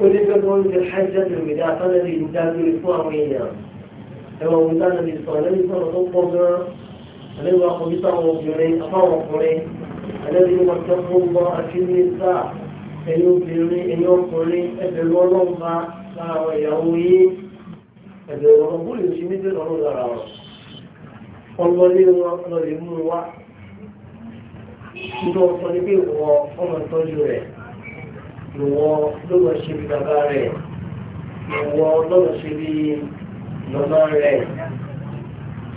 ó ní bẹ́ẹ̀ wọ́n ti hajjá lòmìnira sọ́nà lè dá lórí fún àwọn èèyàn ẹ̀wọ̀n wọn dáná lè sọ̀rọ̀ lẹ́yìn sọ̀rọ̀ tó pọ̀ gan-an àlẹ́wà kọjú sáwọn obìnrin afáwọn ọkùnrin àlẹ́bí ni wọ́n tẹ́kọ̀ ń bọ́ àti ní sá ẹ̀yìn obìnrin ẹ̀yìn ọkùnrin ẹ̀bẹ̀rù ọlọ́run bá láàárọ̀ ìyàwó yé ẹ̀bẹ̀rù ọlọ́run bó lè ṣe ní bẹ̀rù ọlọ́run lára wọn. ọlọ́lé wọn lọ lè mú wa nítorí wọn sọ ní pé ìwọ ọmọ ìtọ́jú rẹ̀ ìwọ lọ́wọ́ ṣe bí bàbá rẹ̀ ìwọ lọ́wọ́ ṣe bí màmá rẹ̀.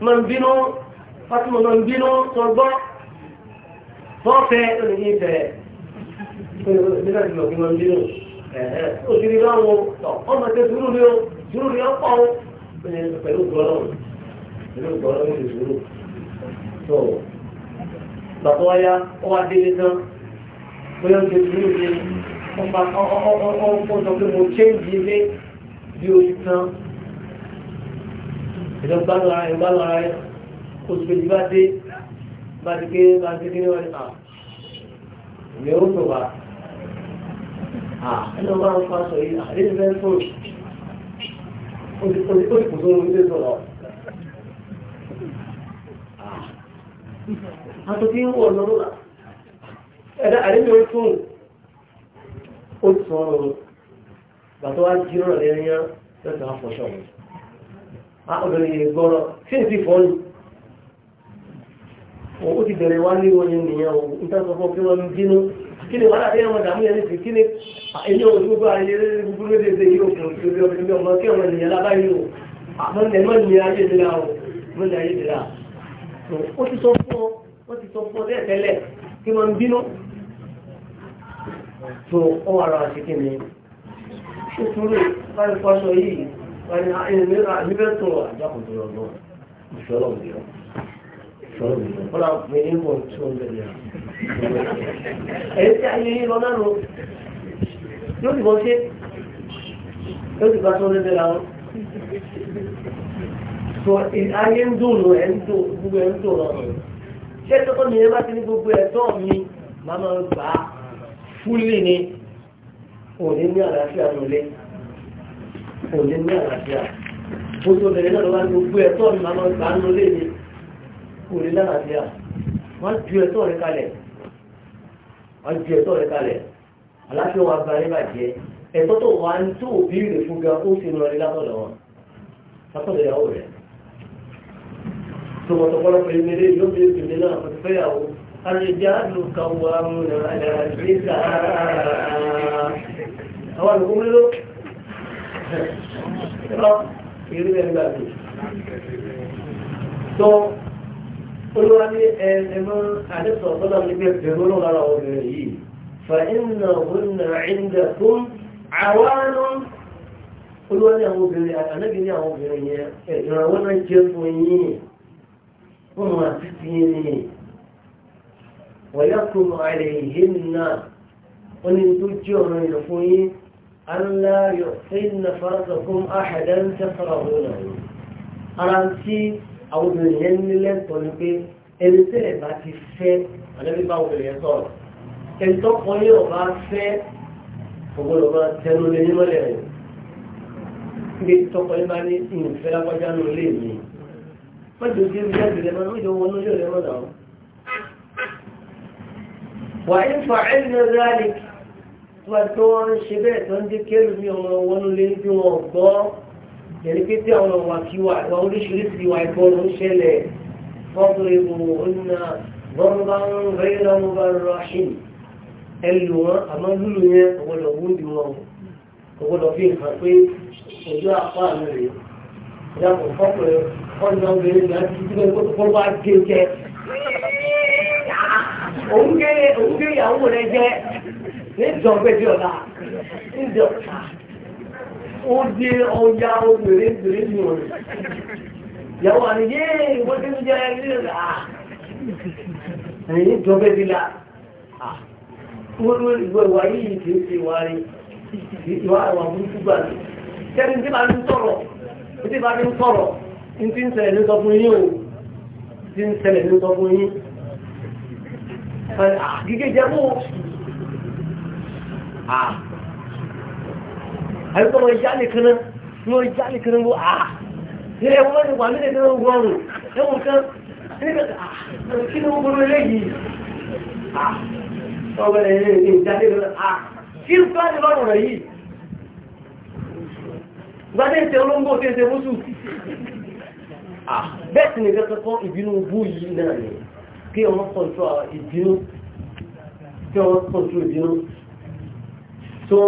máa ń bínú Fatima máa ń bínú tó gbọ́ bọ́ọ̀fẹ́ olùyí ìbẹ̀rẹ̀ nígbà tí lọ́kí máa ń bínú òṣèré láwọn ọmọ tẹ sùúrù ni ó sùúrù ni ó pọ̀ pẹ̀lú gbọ́lọ́wọ́ pẹ̀lú gbọ́lọ́wọ́ ní sùúrù tó bàbá wáyá ó wá délé tán bóyá ń tẹ sùúrù ni ó pa ọ́ ọ́ ọ́ ọ́ sọ pé mo chéǹjì ilé bí oṣù tán ìjọ gbádùn ara rẹ̀ gbádùn ara rẹ̀ oṣù kejì bá dé bá ti ké bá ti ké ní wọn ni à ah, ìyẹn ó sọ wa ah, à ẹnu máa ń fa aṣọ yìí àdéhùn ah, fẹ́ fún oṣù oṣù kò tó ń lé sọ̀rọ̀ àtò tí ń wọ̀ lọ́rùn ẹ̀dá àdéhùn fún oṣù sọ̀rọ̀ bàtọ́ wa jíròrò lẹ́yìn lọ́sàn-án fọ́ṣọ́ mi. Ah, obìnrin yìí gbọ́rọ̀ sí èsì fọ́nù ó ti bẹ̀rẹ̀ wá ní oyin nìyẹn o ń kí wọ́n ń bínú kí ni wàhálà bẹ́ẹ̀ wọn dàmú yẹn ní sí kí ni ah, èyí ò gbogbo ayé gbogbo ló dé yìí òkè òkè òkè òkè ọmọ kí ọmọ ènìyàn lábá yìí o àmọ́ ah, ní ẹ̀mọ́ ní ayé ìlera o mọ́ ní ayé ìlera ó ti sọ fún ọ ó ti sọ fún ọ bẹ́ẹ̀ tẹ́lẹ̀ kí wọ́n wọ́n ní àyè mìíràn àbíbẹ́ tó àjákòtò lọ́dọ̀ ìṣọ́lọ̀ òdìyàn ìṣọ́lọ̀ òdìyàn mi ní bọ̀ tí ó ń bẹ̀rẹ̀ ẹ̀yẹ́ tí ayé yìí lọ náà lọ yóò ti bọ́ ṣe yóò ti bá tó ń bẹ̀rẹ̀ àwọn sọ ayé ń dùn lọ ẹ̀ ń dùn gbogbo ẹ̀ ń dùn lọ mi yẹn bá ti ní gbogbo mi màá máa fún ní ní àlàáfíà gbogbo obìnrin náà ló wá ní gbogbo ẹ̀tọ́ mi máa máa gbà nínú ilé mi kò ní lálàáfíà wọ́n ju ẹ̀tọ́ rẹ kalẹ̀ wọ́n ju ẹ̀tọ́ rẹ kalẹ̀ aláfíà wọn bá nígbà jẹ ẹ̀tọ́ tó wà ní tó òbí rẹ̀ fún ga ó sì lọ rí látọ̀dọ̀ wọn látọ̀dọ̀ ìyàwó rẹ̀ tó wọ́n tọ́kọ́lọ́ pé ilé yóò bí ìpínlẹ̀ náà kò fẹ́ irọ́ ìrí ẹni gbà mí. tó olúwa ní ẹnu àdẹ́sọ̀ ọ̀gbọ́n náà níbi ẹ̀rọ náà lára obìnrin yìí fàìnà òun àìndà tó àwọn olúwa àwọn obìnrin àtàlẹ́bí ní àwọn obìnrin yẹn ìrànwọ́ náà jẹ́ fún yín fún wọn àti tiyín ni wọ́n yá kúrò àìlè yìí nà wọ́n ní tó jẹ́ ọ̀ràn ìrànfún yín أن لا يحسن فرضكم أحدا تفرغونه أرانتي أو من هن لن تلقي أنت لباك في أنا بيباو في اليسار أنت قولي أباك في فقول أباك تنو لن يمالي أنت قولي ماني إن فلا بجانو لني ما تجيب جانب لمن ويجو ونجو لمن أو وإن فعلنا ذلك wá tó wọ́n ń ṣe bẹ́ẹ̀ tó ń dé kẹ́lù ní ọmọ wọn lé bí wọn gbọ́ yẹni pé tí àwọn ọmọ àkíwà àwọn oríṣiríṣi ìwà ìbọnú ṣẹlẹ̀ fọ́tò ìbò ọ̀nà bọ́mbà ń rẹ́rọ̀ mú bá rọ wọn àmọ́ lúlù yẹn ọ̀gbọ́dọ̀ wúndì wọn ọ̀gbọ́dọ̀ fi hàn pé ojú apá mi rè ìyàpọ̀ fọ́tò ọ̀nà obìnrin náà ti dúró kó bá gé jẹ òun gé ìyàwó rẹ jẹ níjọ gbèdé ọ̀la níjọ ó dé ọjà obìnrin obìnrin ní òní ìyàwó àni yé ìwé tí mo jẹ ilé rẹ à ẹ̀yìn níjọ gbèdé la wọ́n ló ìwé wa yìí kì í ṣe wa rí kì í burúkú gbà mí kẹ́ni tí bá ń sọ̀rọ̀ tí bá ń sọ̀rọ̀ ti ń ṣẹlẹ̀ ní sọ fún yín o ti ń ṣẹlẹ̀ ní sọ fún yín gígé jẹ́ fún à àbíkọ́ wọn já nìkan náà wọn já nìkan náà wọ́n à ilẹ̀ wọn ti wà nílẹ̀ náà wọ́ọ̀rùn ẹ̀wọ̀n kan kí ah, ah. ni wọ́n gbọ́dọ̀ eléyìí à ọ̀gbẹ́ ẹ̀yẹ ìjáde náà à kí n fún àdìbọ́n rẹ̀ yìí gbadé ń tẹ olóńgbò tí ń tẹ mọ́sù bẹ́ẹ̀ sì ni kẹ́kọ́ ìbínú bú yìí náà ni kí ọmọ kọ̀ọ̀tọ̀ ìbínú kí ọmọ kọ̀ọ̀tọ̀ ìbínú so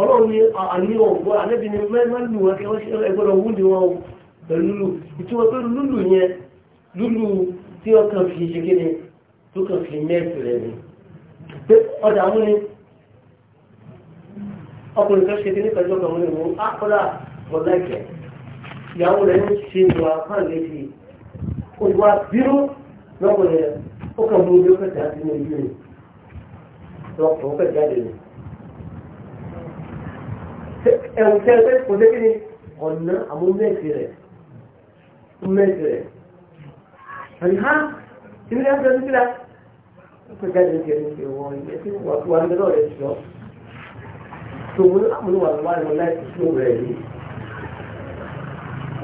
ọlọ́run ní àní ọ̀gbọ́ àlẹ́bí ni mẹ́rin lù wọ́n ṣe ẹgbọ́dọ̀ wúndì wọn pẹ̀lú lù ìtumọ̀ pé lùlù yẹn lùlù tí wọ́n kàn fi ṣe tó kàn fi mẹ́ẹ̀sì rẹ̀ ni pé ọjà mú ni ọkùnrin kan ṣe kí ní pẹ̀lú ọkàn mú ni ah, ẹ̀wù tẹ́lẹ̀ kò dé kíni ọ̀nà àmúmẹ́sì rẹ̀ mẹ́sì rẹ̀ àyíká ìlú ẹ̀ ń tẹ́lẹ̀ sílá ó pè jáde ní kẹrin ṣe wọ ilé tí wà tó wà ní lọ́ọ̀ rẹ̀ sọ tòun àmúlùwà ló wà lọ láì tó rẹ̀ yìí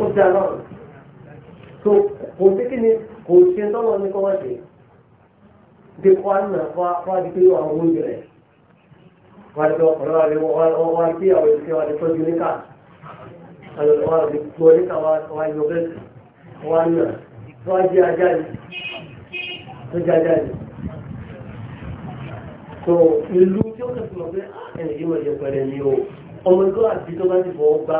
ó dá lọ́rùn tó kò dé kíni kò ṣe tọ́lọ́ ní kọ́wọ́sì dé kọ́ àná fọ́ àdìpé àwọn oúnjẹ rẹ̀ wọ́n ti ọkùnrin wọn rí wọ́n bí àwọn ìṣe wọn ti tọ́jú níkà wọn rí gbọ́ níkà wọn yọ bẹ́ẹ̀ wọn nà wọ́n jẹ́ ajá yìí tó jẹ́ ajá yìí. tó ìlú tí ó kẹsì mọ̀ pé ẹnì yìí mọ̀ jẹ́ pẹ̀lẹ́ ni o ọmọ ẹgbẹ́ àti tó bá ti fọwọ́ gbá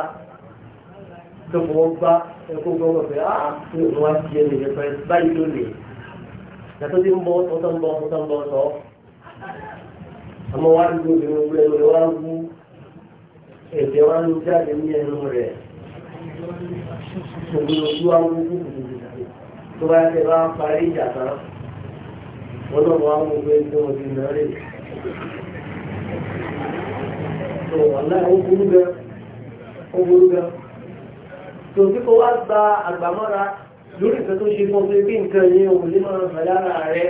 tó fọwọ́ gbá ẹkọ́ gbọ́mọ̀ pé á tó wọ́n á ti jẹ́ ẹnì báyìí ló lè tí ń bọ́ ọ̀tọ̀ ń bọ́ ọ̀tọ̀ ń bọ́ ọ̀tọ̀ àmọ́ wá ní obìnrin ogun ẹnu rẹ̀ wá ń wú ẹ̀jẹ̀ wá ń jáde ní ẹnu rẹ̀ obìnrin ojú wá ń wú kúkúrú tó bá ṣe bá parí ìjà tán wọn náà wá mú pé tí wọn ti nà tó wàlá ó burú gẹ ó burú gẹ tó tí kò wá gba àgbàmọ́ra lórí ìfẹ́ tó ṣe fún pé bí nǹkan yẹn òun lè máa fẹ́ lára rẹ̀.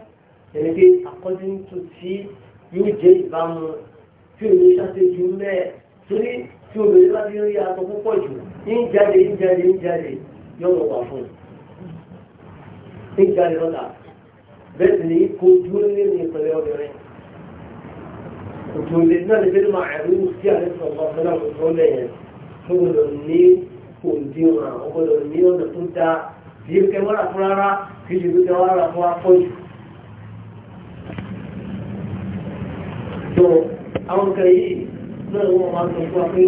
ẹni pé tí yóò jẹ́ ìbámu tí o ní ṣàṣejù mẹ́ẹ̀ torí tí obìnrin bá ti rí aṣọ púpọ̀ jù ń jáde ń jáde ń jáde yóò wọ̀ wá fún un ń jáde lọ́la bẹ́ẹ̀ sì ni kò dúró lé ní ìpínlẹ̀ obìnrin òtò lè náà lè máa ẹ̀rú sí àlẹ́sọ̀ ọ̀gá ọ̀gá ọ̀gá lẹ́yìn tó gbọdọ̀ ní òdiwọ̀n ọgbọdọ̀ ní ọ̀nà tó dáa bí ó kẹ́ mọ́ra fún rárá kí ju bí kẹ́ wọ́n rárá fún afọ́jú. tó àwọn nǹkan yìí náà wọ́n máa sọ fún wa pé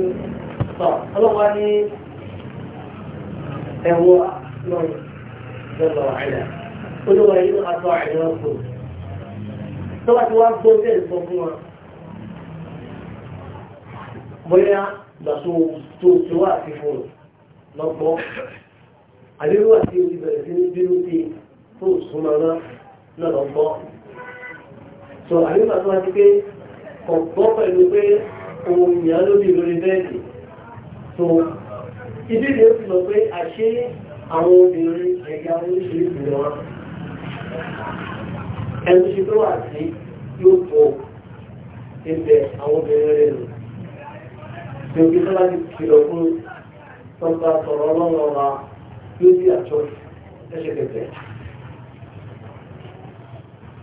sọ ọlọ́wọ́ ní ẹ̀wọ́ náà lọ́wọ́ àìlà olówó yìí náà sọ àìlà kù tó bá ti wá gbọ́ bẹ́ẹ̀ sọ fún wa bóyá gbà tó tó wà sí fún lọ́gbọ́ àbíwò àti ojú bẹ̀rẹ̀ sí ní bínú sí tó súnmọ́ náà lọ́gbọ́ so àbíwò àti wá ti pé ọ̀gbọ́n pẹ̀lú pé ohun ìyá lóbi lórí bẹ́ẹ̀dì tó ibi ìdè ó ti lọ pé àṣé àwọn obìnrin ẹ̀yà oríṣiríṣi ni wọ́n ẹnu ṣe tó wà sí yóò pọ̀ ibẹ̀ àwọn obìnrin rẹ̀ nù tí o bí sọ́lá ti kìlọ̀ fún tọ́gbà sọ̀rọ̀ ọlọ́run ọba yóò di àjọ ẹ̀ṣẹ̀kẹ̀kẹ̀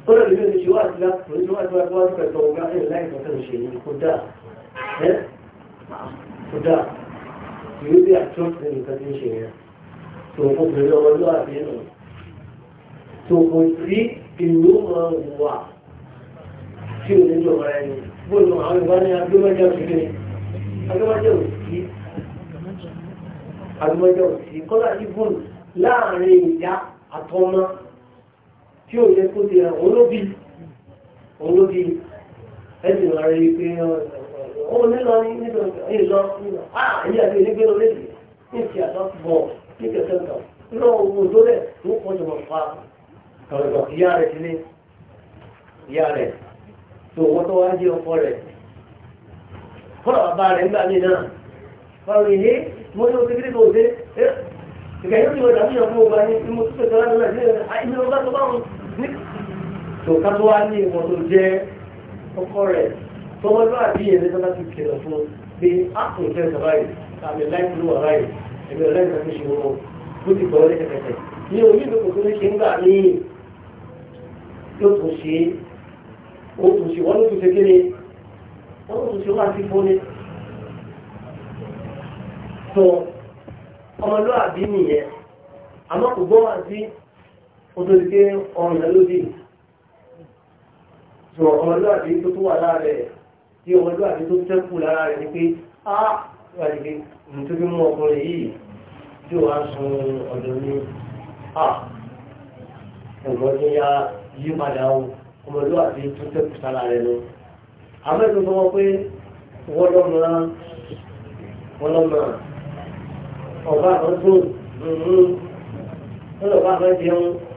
ó lè lè ṣe wá àtìlá òní ṣe wá àtìlá tó wá sí pẹ̀tọ̀ ọ̀gá ẹ̀ láì tọ́tẹ̀ ṣe yìí kó dáa ẹ́ kó dáa ìwé bí àtúntò nìkan ti ń ṣe yẹn tó kó bèrè ọmọ lọ́wọ́ àti ẹ̀nà tó kò sí ìlú máa wà tí ò ní lọ ọ̀rọ̀ ẹni bóyá àwọn ìwà ní agbẹ́mọ́jà òsì agbẹ́mọ́jà òsì agbẹ́mọ́jà òsì kọ́lá ibùn láàrin ìyá àtọ́mọ́ tí ó yẹ kó ti olóbi olóbi ẹ̀sìn rẹ̀ rí pé ọ̀hún nílọ ní nílọ ìlọ nílọ ah èyí àti onígbé lọ lédè ní ti àtọ́ bọ̀ ní kẹsẹ̀ kan nínú ohun tó rẹ̀ ló pọ̀ jùlọ fa kàwéjọ ìyá rẹ̀ sílé ìyá rẹ̀ tó wọ́n tó wá di ọkọ rẹ̀ kọ́lá bàbá rẹ̀ ńgbà mí náà báwo ni ẹ mo ní o ti kiri kò ẹ ìgbà yóò ti wọ ìdàmú fún ọgbà ni mo tún fẹ́ sọ́ra nílẹ̀ ní ẹ̀ ẹ̀ ìmọ̀ tó bá wọn tó ká tó wá ní ìwọ̀n tó jẹ́ ọkọ rẹ̀ tọwọ́ lọ́wọ́ àbí ẹ̀rẹ́ tó bá ti kìlọ̀ fún pé a ah, kò fẹ́ sọ̀rọ̀ yìí àmì láìpẹ́ ló wà ráyè ẹ̀mí ọ̀lẹ́yìn kan fi ṣe wọn bó ti gbọ́ lẹ́sẹ̀kẹsẹ̀ ní orí ìlú kòkó ní ṣe ń gbà ní yóò tún ṣe ó tún ṣe wọ́n ló tún ṣe kéde wọ́n ló tún ṣe wá sí fún ni. tó ọmọlúwàbí nìyẹn àmọ́ kò gbọ́ wá sí ó tó di pé ọrùn rẹ̀ ló dì sọ ọmọlúwàbí tó tó wà lára rẹ̀ tí ọmọlúwàbí tó tẹ́kù lára rẹ̀ ni pé á wà ní pé nítorí mú ọkùnrin yìí tí ó wá sun ọ̀dọ̀ ní à ẹ̀gbọ́n tó yá yí padà o ọmọlúwàbí tó tẹ́kù sára rẹ̀ lọ. àmọ́ ètò tó wọ́n pé wọ́n lọ́mọ wọ́n lọ́mọ ọba àwọn tó ń mú wọ́n lọ́ba àwọn jẹun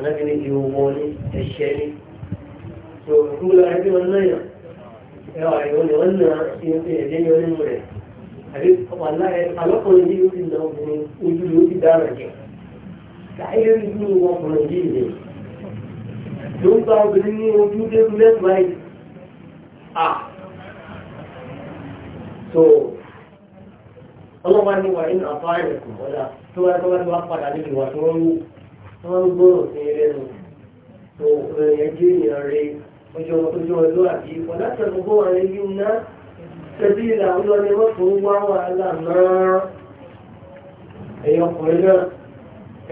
ànábi ní ìwọ ní ẹ̀ṣẹ̀ ní tó kúlọ̀ ẹbí wọn náà ẹwà ìwọ ni wọn náà ti ń fi ẹ̀jẹ̀ yọ nínú rẹ̀ àbí wàlá ẹ alọ́kùnrin yìí ó ti nà obìnrin ojú ló ti dára jẹ káyé rí inú ọkùnrin yìí ni ló ń bá obìnrin ní ojú débi mẹ́fà yìí à tó ọlọ́wọ́ ni wà nínú àfáàrẹ̀ kò wọ́lá tó wá tó wá padà níbi ìwà tó ń wọ́n ń gbọ́rọ̀ sí eré nù tó rẹ ojú ojú ọjọ́ àbí ìfọ̀ láti ẹ̀kọ́ bọ́ wọn yí ná tẹ́bí ìlà ọjọ́ ni wọ́n tó wá wàhálà náà ẹ̀yọ náà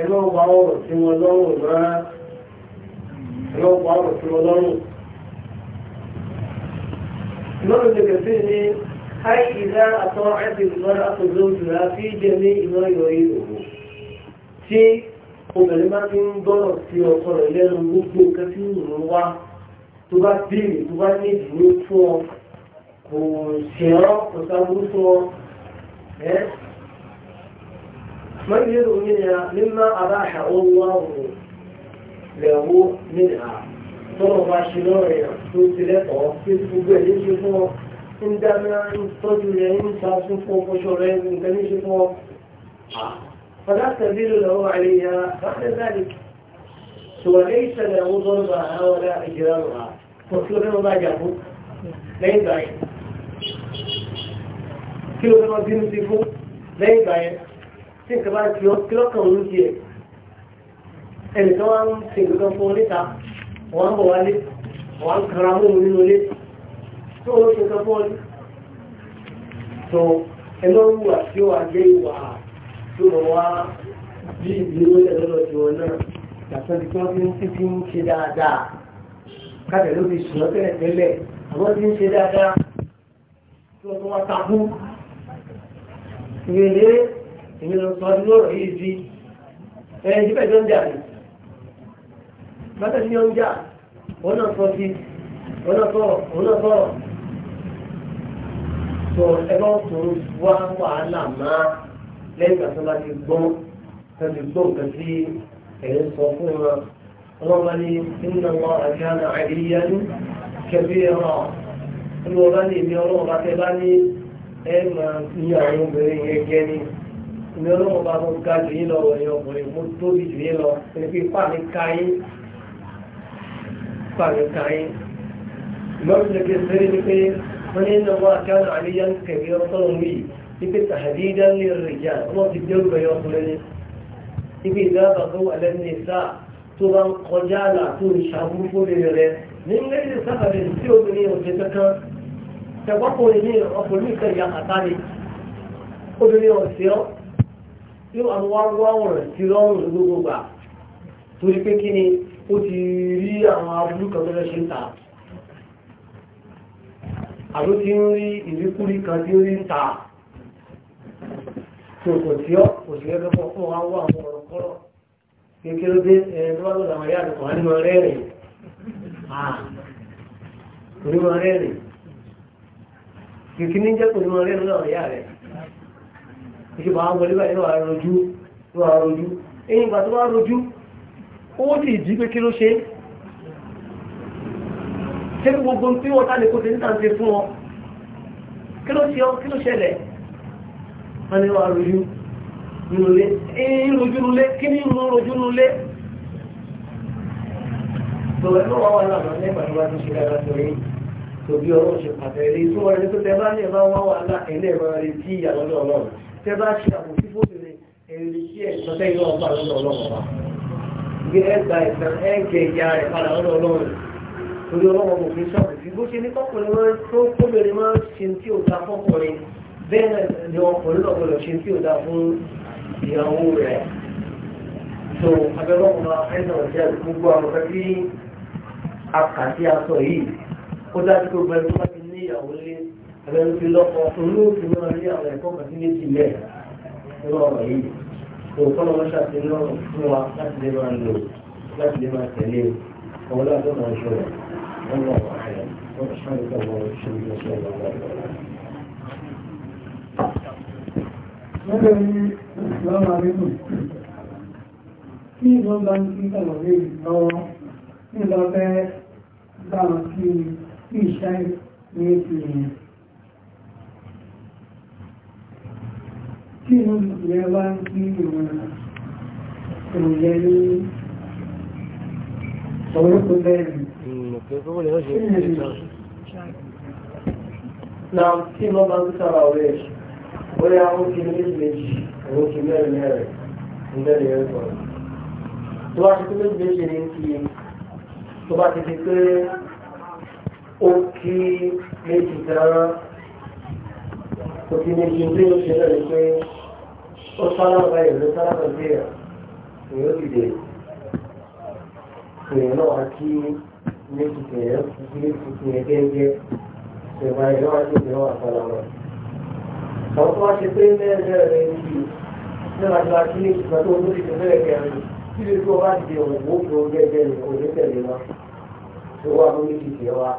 ẹ lọ́ ọ̀rọ̀ sí wọn lọ́rùn náà ẹ lọ́ ọ̀rọ̀ sí wọn lọ́rùn. lọ́rùn lè kẹ̀sí ni háì ìlà àtọ́ àti ìmọ̀ràn àtọ̀zọ́ òjò rà fi ní ìmọ̀ ìrọ̀ ìrò obìnrin bá ti ń gbọ́rọ̀ sí ọkọ rẹ̀ lẹ́nu gbogbo nǹkan tí ìlú wá tó bá béèrè tó bá ní ìdúró fún ọ kò ṣèrán kò sábúrú fún ọ ẹ́ من يدعو منها مما أباحه الله له منها tọ́rọ̀ bá ṣe lọ́rọ̀ èèyàn tó ti lẹ́tọ̀ọ́ pé gbogbo ẹ̀ lè ṣe fún ọ ń dáná ń tọ́jú rẹ̀ ń ta fún fún ọkọ̀ṣọ́ rẹ̀ nǹkan lè fún ọ. فلا سبيل له عليها بعد ذلك وليس له ضربها ولا إجرامها فاطلب ما جابه لين بعيد كيلو كما دين سيفو لين بعيد سين كما كيلو كيلو كم نجيه ẹni tó wá ń ṣe nǹkan fún oníta wọ́n bọ̀ wálé wọ́n kara mú mi nínú tó ń ṣe nǹkan fún ọ tó ẹlọ́rù wà tí ó wà jẹ́ ìwà tó mọ̀ wá bí ìlú ẹ̀rọ ti náà yàtọ̀ bí wọ́n ti ń tí fi ń ṣe dáadáa káàkiri ló fi sùn tẹ́lẹ̀ tẹ́lẹ̀ àwọn ti ń ṣe dáadáa tí wọ́n tó wá takú ìrèlé ìrìnà sọ lẹ́yìn ìgbà tó bá ti gbọ́ tó ti gbọ́ nǹkan tí ẹ̀yìn sọ fún wọn wọ́n bá ní nínú wọn àti àná àìríyá ní kẹfí ẹ̀rọ nínú wọn bá ní ìdí ọlọ́run bá tẹ bá ní ẹ máa ní àwọn obìnrin yẹn gẹ́ ni ìní ọlọ́run bá mo ga jù yín lọ ẹ̀yìn ọkùnrin mo tóbi jù yín lọ ẹni pé pàmí ká yín pàmí ká yín ìmọ̀ràn ìjọba ìṣẹ́rí ni pé wọ́n ní nínú wọn àti àná àìríyá ní kẹfí ẹ̀rọ sọ́run yìí ibi tàhàdídá lè rìjà wọ́n ti dé ọgbẹ̀ ọkùnrin ní ibi ìdábà tó wà lẹ́nu ìsá tó bá ń kọjá àlà tó ń ṣàbúrú fóbìnrin rẹ nílé ìdí sábàbí tí obìnrin òṣè kankan tẹ̀gbọ́kùnrin ní ọkùnrin kan ya àtàrí obìnrin ọ̀sẹ̀ ọ́ yóò àwọn wáwọ̀ rẹ̀ ti rọrùn gbogbo gbà torí pé kí ni ó tó kò sí ọ́ kò sí ẹgbẹ́ fún ọkùnrin wa wà àwọn ọ̀rọ̀ kọ́rọ̀ kékeré dé ẹni tó bá lọ́dọ̀ àwọn ìyá àdùkọ̀ àní máa rẹ́rìn kò ní máa rẹ́rìn kìkì ní jẹ́ kò ní máa rẹ́rìn lọ́wọ́ ìyá rẹ̀ kìkì bá wọlé báyìí lọ́wọ́ àrojú lọ́wọ́ àrojú ẹ̀yìn ìgbà tó bá rojú ó sì jí pé kí ló ṣe ṣé gbogbo tí wọ́n tá lè kó ṣe níta ṣe fún ọ kí ló ṣẹlẹ̀ wọ́n ní wà rojú nulẹ̀ ẹ̀yìn rojú nulẹ̀ kí ni mo rojú nulẹ̀ tó ẹ̀rọ wà wà lánàá nígbà tó bá ti ṣe dára tó yìí tó bí ọlọ́run ṣe pàtẹ́lẹ̀ tó wà ní tó tẹ́ bá ní ẹ̀bá wà wà lá ẹ̀lẹ́ ẹ̀bá rẹ̀ tí ìyà lọ́dọ̀ ọlọ́run tẹ́ bá ṣe àbòsí fóbìnrin èrè sí ẹ̀sán tẹ́ ìlú ọba lọ́dọ̀ ọlọ́run wa gbé ẹgbà ẹ̀sán ẹ̀ǹkẹ̀ ìyá rẹ̀ padà lọ́dọ̀ ọlọ́run torí ọlọ́run kò fi sọ̀rọ̀ sí bó bẹ́ẹ̀ náà ni ọkùnrin náà gbọdọ̀ ṣe tí ò dá fún ìyàwó rẹ̀ tó abẹ́rẹ́ ọmọ ẹ̀sán ọ̀jẹ́ gbogbo àwọn ọ̀fẹ́ tí a kà sí aṣọ yìí ó dájú tó bá ti ní ìyàwó lé abẹ́rẹ́ ti lọ́kọ̀ òun ó ti rí àwọn ẹ̀kọ́ kan sí méjì lẹ̀ yìí tó kọ́nà wọn ṣàti lọ́rùn fún wa láti lè máa lò láti lè máa tẹ̀lé ọ̀wọ́lá tó máa ṣọ̀rọ̀ wọn lọ́wọ́ àyà wọn ṣàlùkọ́ wọn ṣe ìgbésẹ̀ wọn lọ́wọ́ lọ́dọ̀ kí ló bá ní kíkàlọ̀ lè lọ́wọ́ ní lọ fẹ́ dáwọn kí kí ìṣẹ́ ní ètò ìyẹn kí ló bá ń kí ìwọ̀n ìròyẹ ní ọ̀rọ̀ tó bẹ́ẹ̀rẹ̀ Now, kí ló bá ń sára ọ̀rẹ́ ẹ̀ṣù? bóyá ó ti ní méjì òun ti mẹ́rin mẹ́rin ń bẹ́ẹ̀ yẹn sọ̀rọ̀ tó bá ti pé méjì méjì ní ti tó bá ti di pé ó kí méjì dáná ó ti méjì ń bẹ́ẹ̀ ṣe náà ni pé ó sálábà báyìí ló sálábà bí ẹ̀ ni ó dìde èèyàn náà kí méjì tẹ̀yẹ́ kí méjì tẹ̀yẹ́ gẹ́gẹ́ ṣèwà ìlú àti ìlú àtàlàmọ́ àwọn tó wá ṣe pé mẹ́rin rẹ̀ ń kí náà ti wá kí ní ìgbà tó lórí ti bẹ́ẹ̀ kẹrin tí lè tó bá di òun ó fi oúnjẹ jẹ nìkan ní tẹ̀lé wa tó wà lórí ti jẹ wa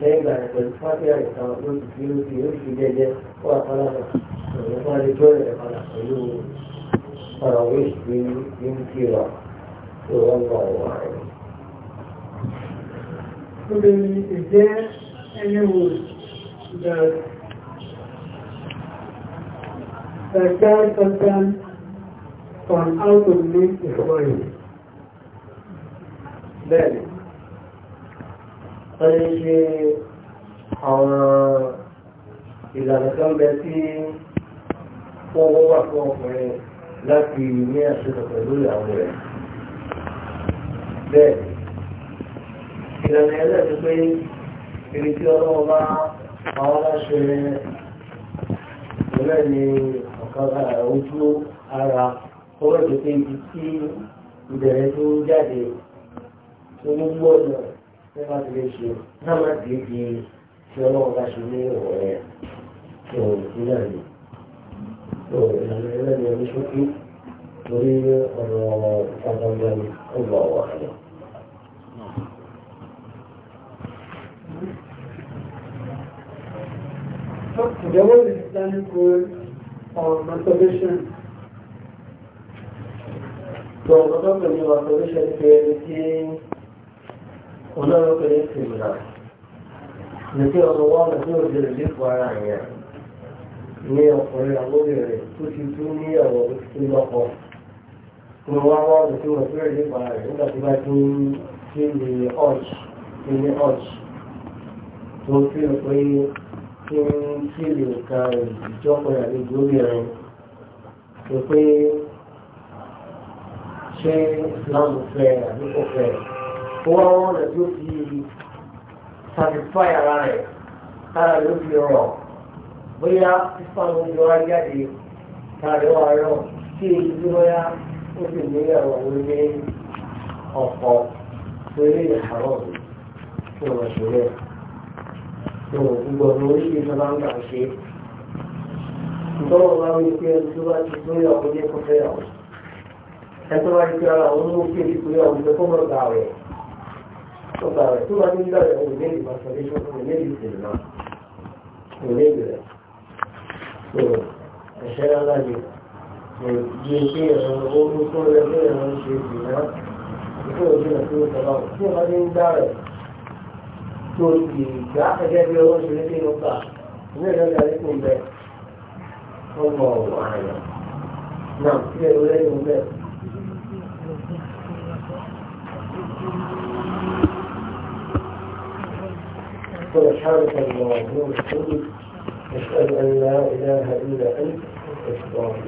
lẹ́yìn ìgbà rẹ̀ pẹ̀lú fáfíà ìtàn ló ti fi ló ti lórí ti jẹjẹ ó wà fọlá rẹ̀ òun fún alẹ́ tó rẹ̀ padà pẹ̀lú ọ̀rọ̀ òwe ìṣẹ́ ní ń kí wa tó wọ́n gbà wà rẹ̀. Obìnrin ìjẹ́ ẹni wo ìgbà rẹ̀? that guide sometimes on how to live Islam. Bẹ́ẹ̀ni, wọ́n lè ṣe àwọn ìlànà tó ń bẹ tí wọ́n wà fún ọkùnrin láti ní àṣepọ̀ pẹ̀lú ìyàwó rẹ̀. Bẹ́ẹ̀ni, ìlànà ẹlẹ́sìn pé ibi tí ọlọ́wọ́ bá àwọn aláṣẹ rẹ̀ ni ojú ara ọwọ́ ìdókè ibi tí ìbẹ̀rẹ̀ tó jáde tó ní gbọ́dọ̀ ṣé má ti lè ṣe náà má ti di tí ọlọ́run bá ṣe ní ìwọ̀ tó ìpínlẹ̀ rẹ̀ tó ìlànà ẹlẹ́ni oníṣókí torí ọ̀rọ̀ ìfagbọ́ngbọ́n ọgbà wà lọ. There was an Islamic rule or motivation. So, ọ̀dọ́ pẹ̀lú motivation pé ẹni tí olóró pẹ̀lú ìsìnkú ní kí ọmọ wọn lọ sí òde ìlú fún ara yẹn ní ọkùnrin àgbóbìnrin tó ti tún ní ọ̀rọ̀ tó lọ́kọ̀ tí wọ́n wá lọ sí òde ìlú fún ara yẹn nígbà tí wọ́n ti ń ṣe tí ń fìlì nǹkan ìjọpọ̀ àlejò obìnrin ni pé ṣé Islam fẹ́ àbí fẹ́ ó wá wọn rẹ̀ tó fi satisfy ara rẹ̀ tára ló fi rọ̀ bóyá Islam ń yọ ayáde tára wà rọ̀ kí èyí tí wọ́n ó sì ní ẹ̀rọ òun ní ọ̀pọ̀ torí ìhàrọ̀ òun fún ọ̀ṣun rẹ̀ tó gbogbo oríṣi tó bá ń gbà ṣe ìtọ́wọ́ bá wí pé ẹni tó bá ti tó yàwó ní kó fẹ́ yàwó ẹni tó bá ti tó ara òun ló ké ti tó yàwó ní kó mọ̀ gbà rẹ̀ tó gbà rẹ̀ tó bá ní gbà rẹ̀ òun ní ìgbà sọ̀rọ̀ ìṣòro òun ní ìsìn náà òun ní ìgbà rẹ̀ ẹ̀ṣẹ́ rárá ni ìdí pé ẹ̀rọ owó tó rẹ̀ tó ẹ̀rọ ń ṣe ìgbìyànjú ìfẹ́ òjò náà tó ń sọ̀rọ̀ tí wọ́n bá ní gbà rẹ̀ tó ti gbà gẹ́gẹ́ bí owó ṣe ní ọgbà ní ìrọ̀lẹ́ àlékún bẹ́ẹ̀ wọ́n mọ ọ̀wọ́ àyàn náà sí ẹ̀rọ lẹ́yìn bẹ́ẹ̀. قل سبحانك اللهم وبحمدك أشهد أن لا إله إلا أنت أستغفرك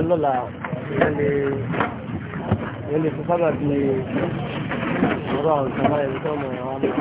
الله yẹn lè fún sábà bí ọ̀rọ̀ àwọn ìṣàlàyé tó mọ̀ àwọn ọmọ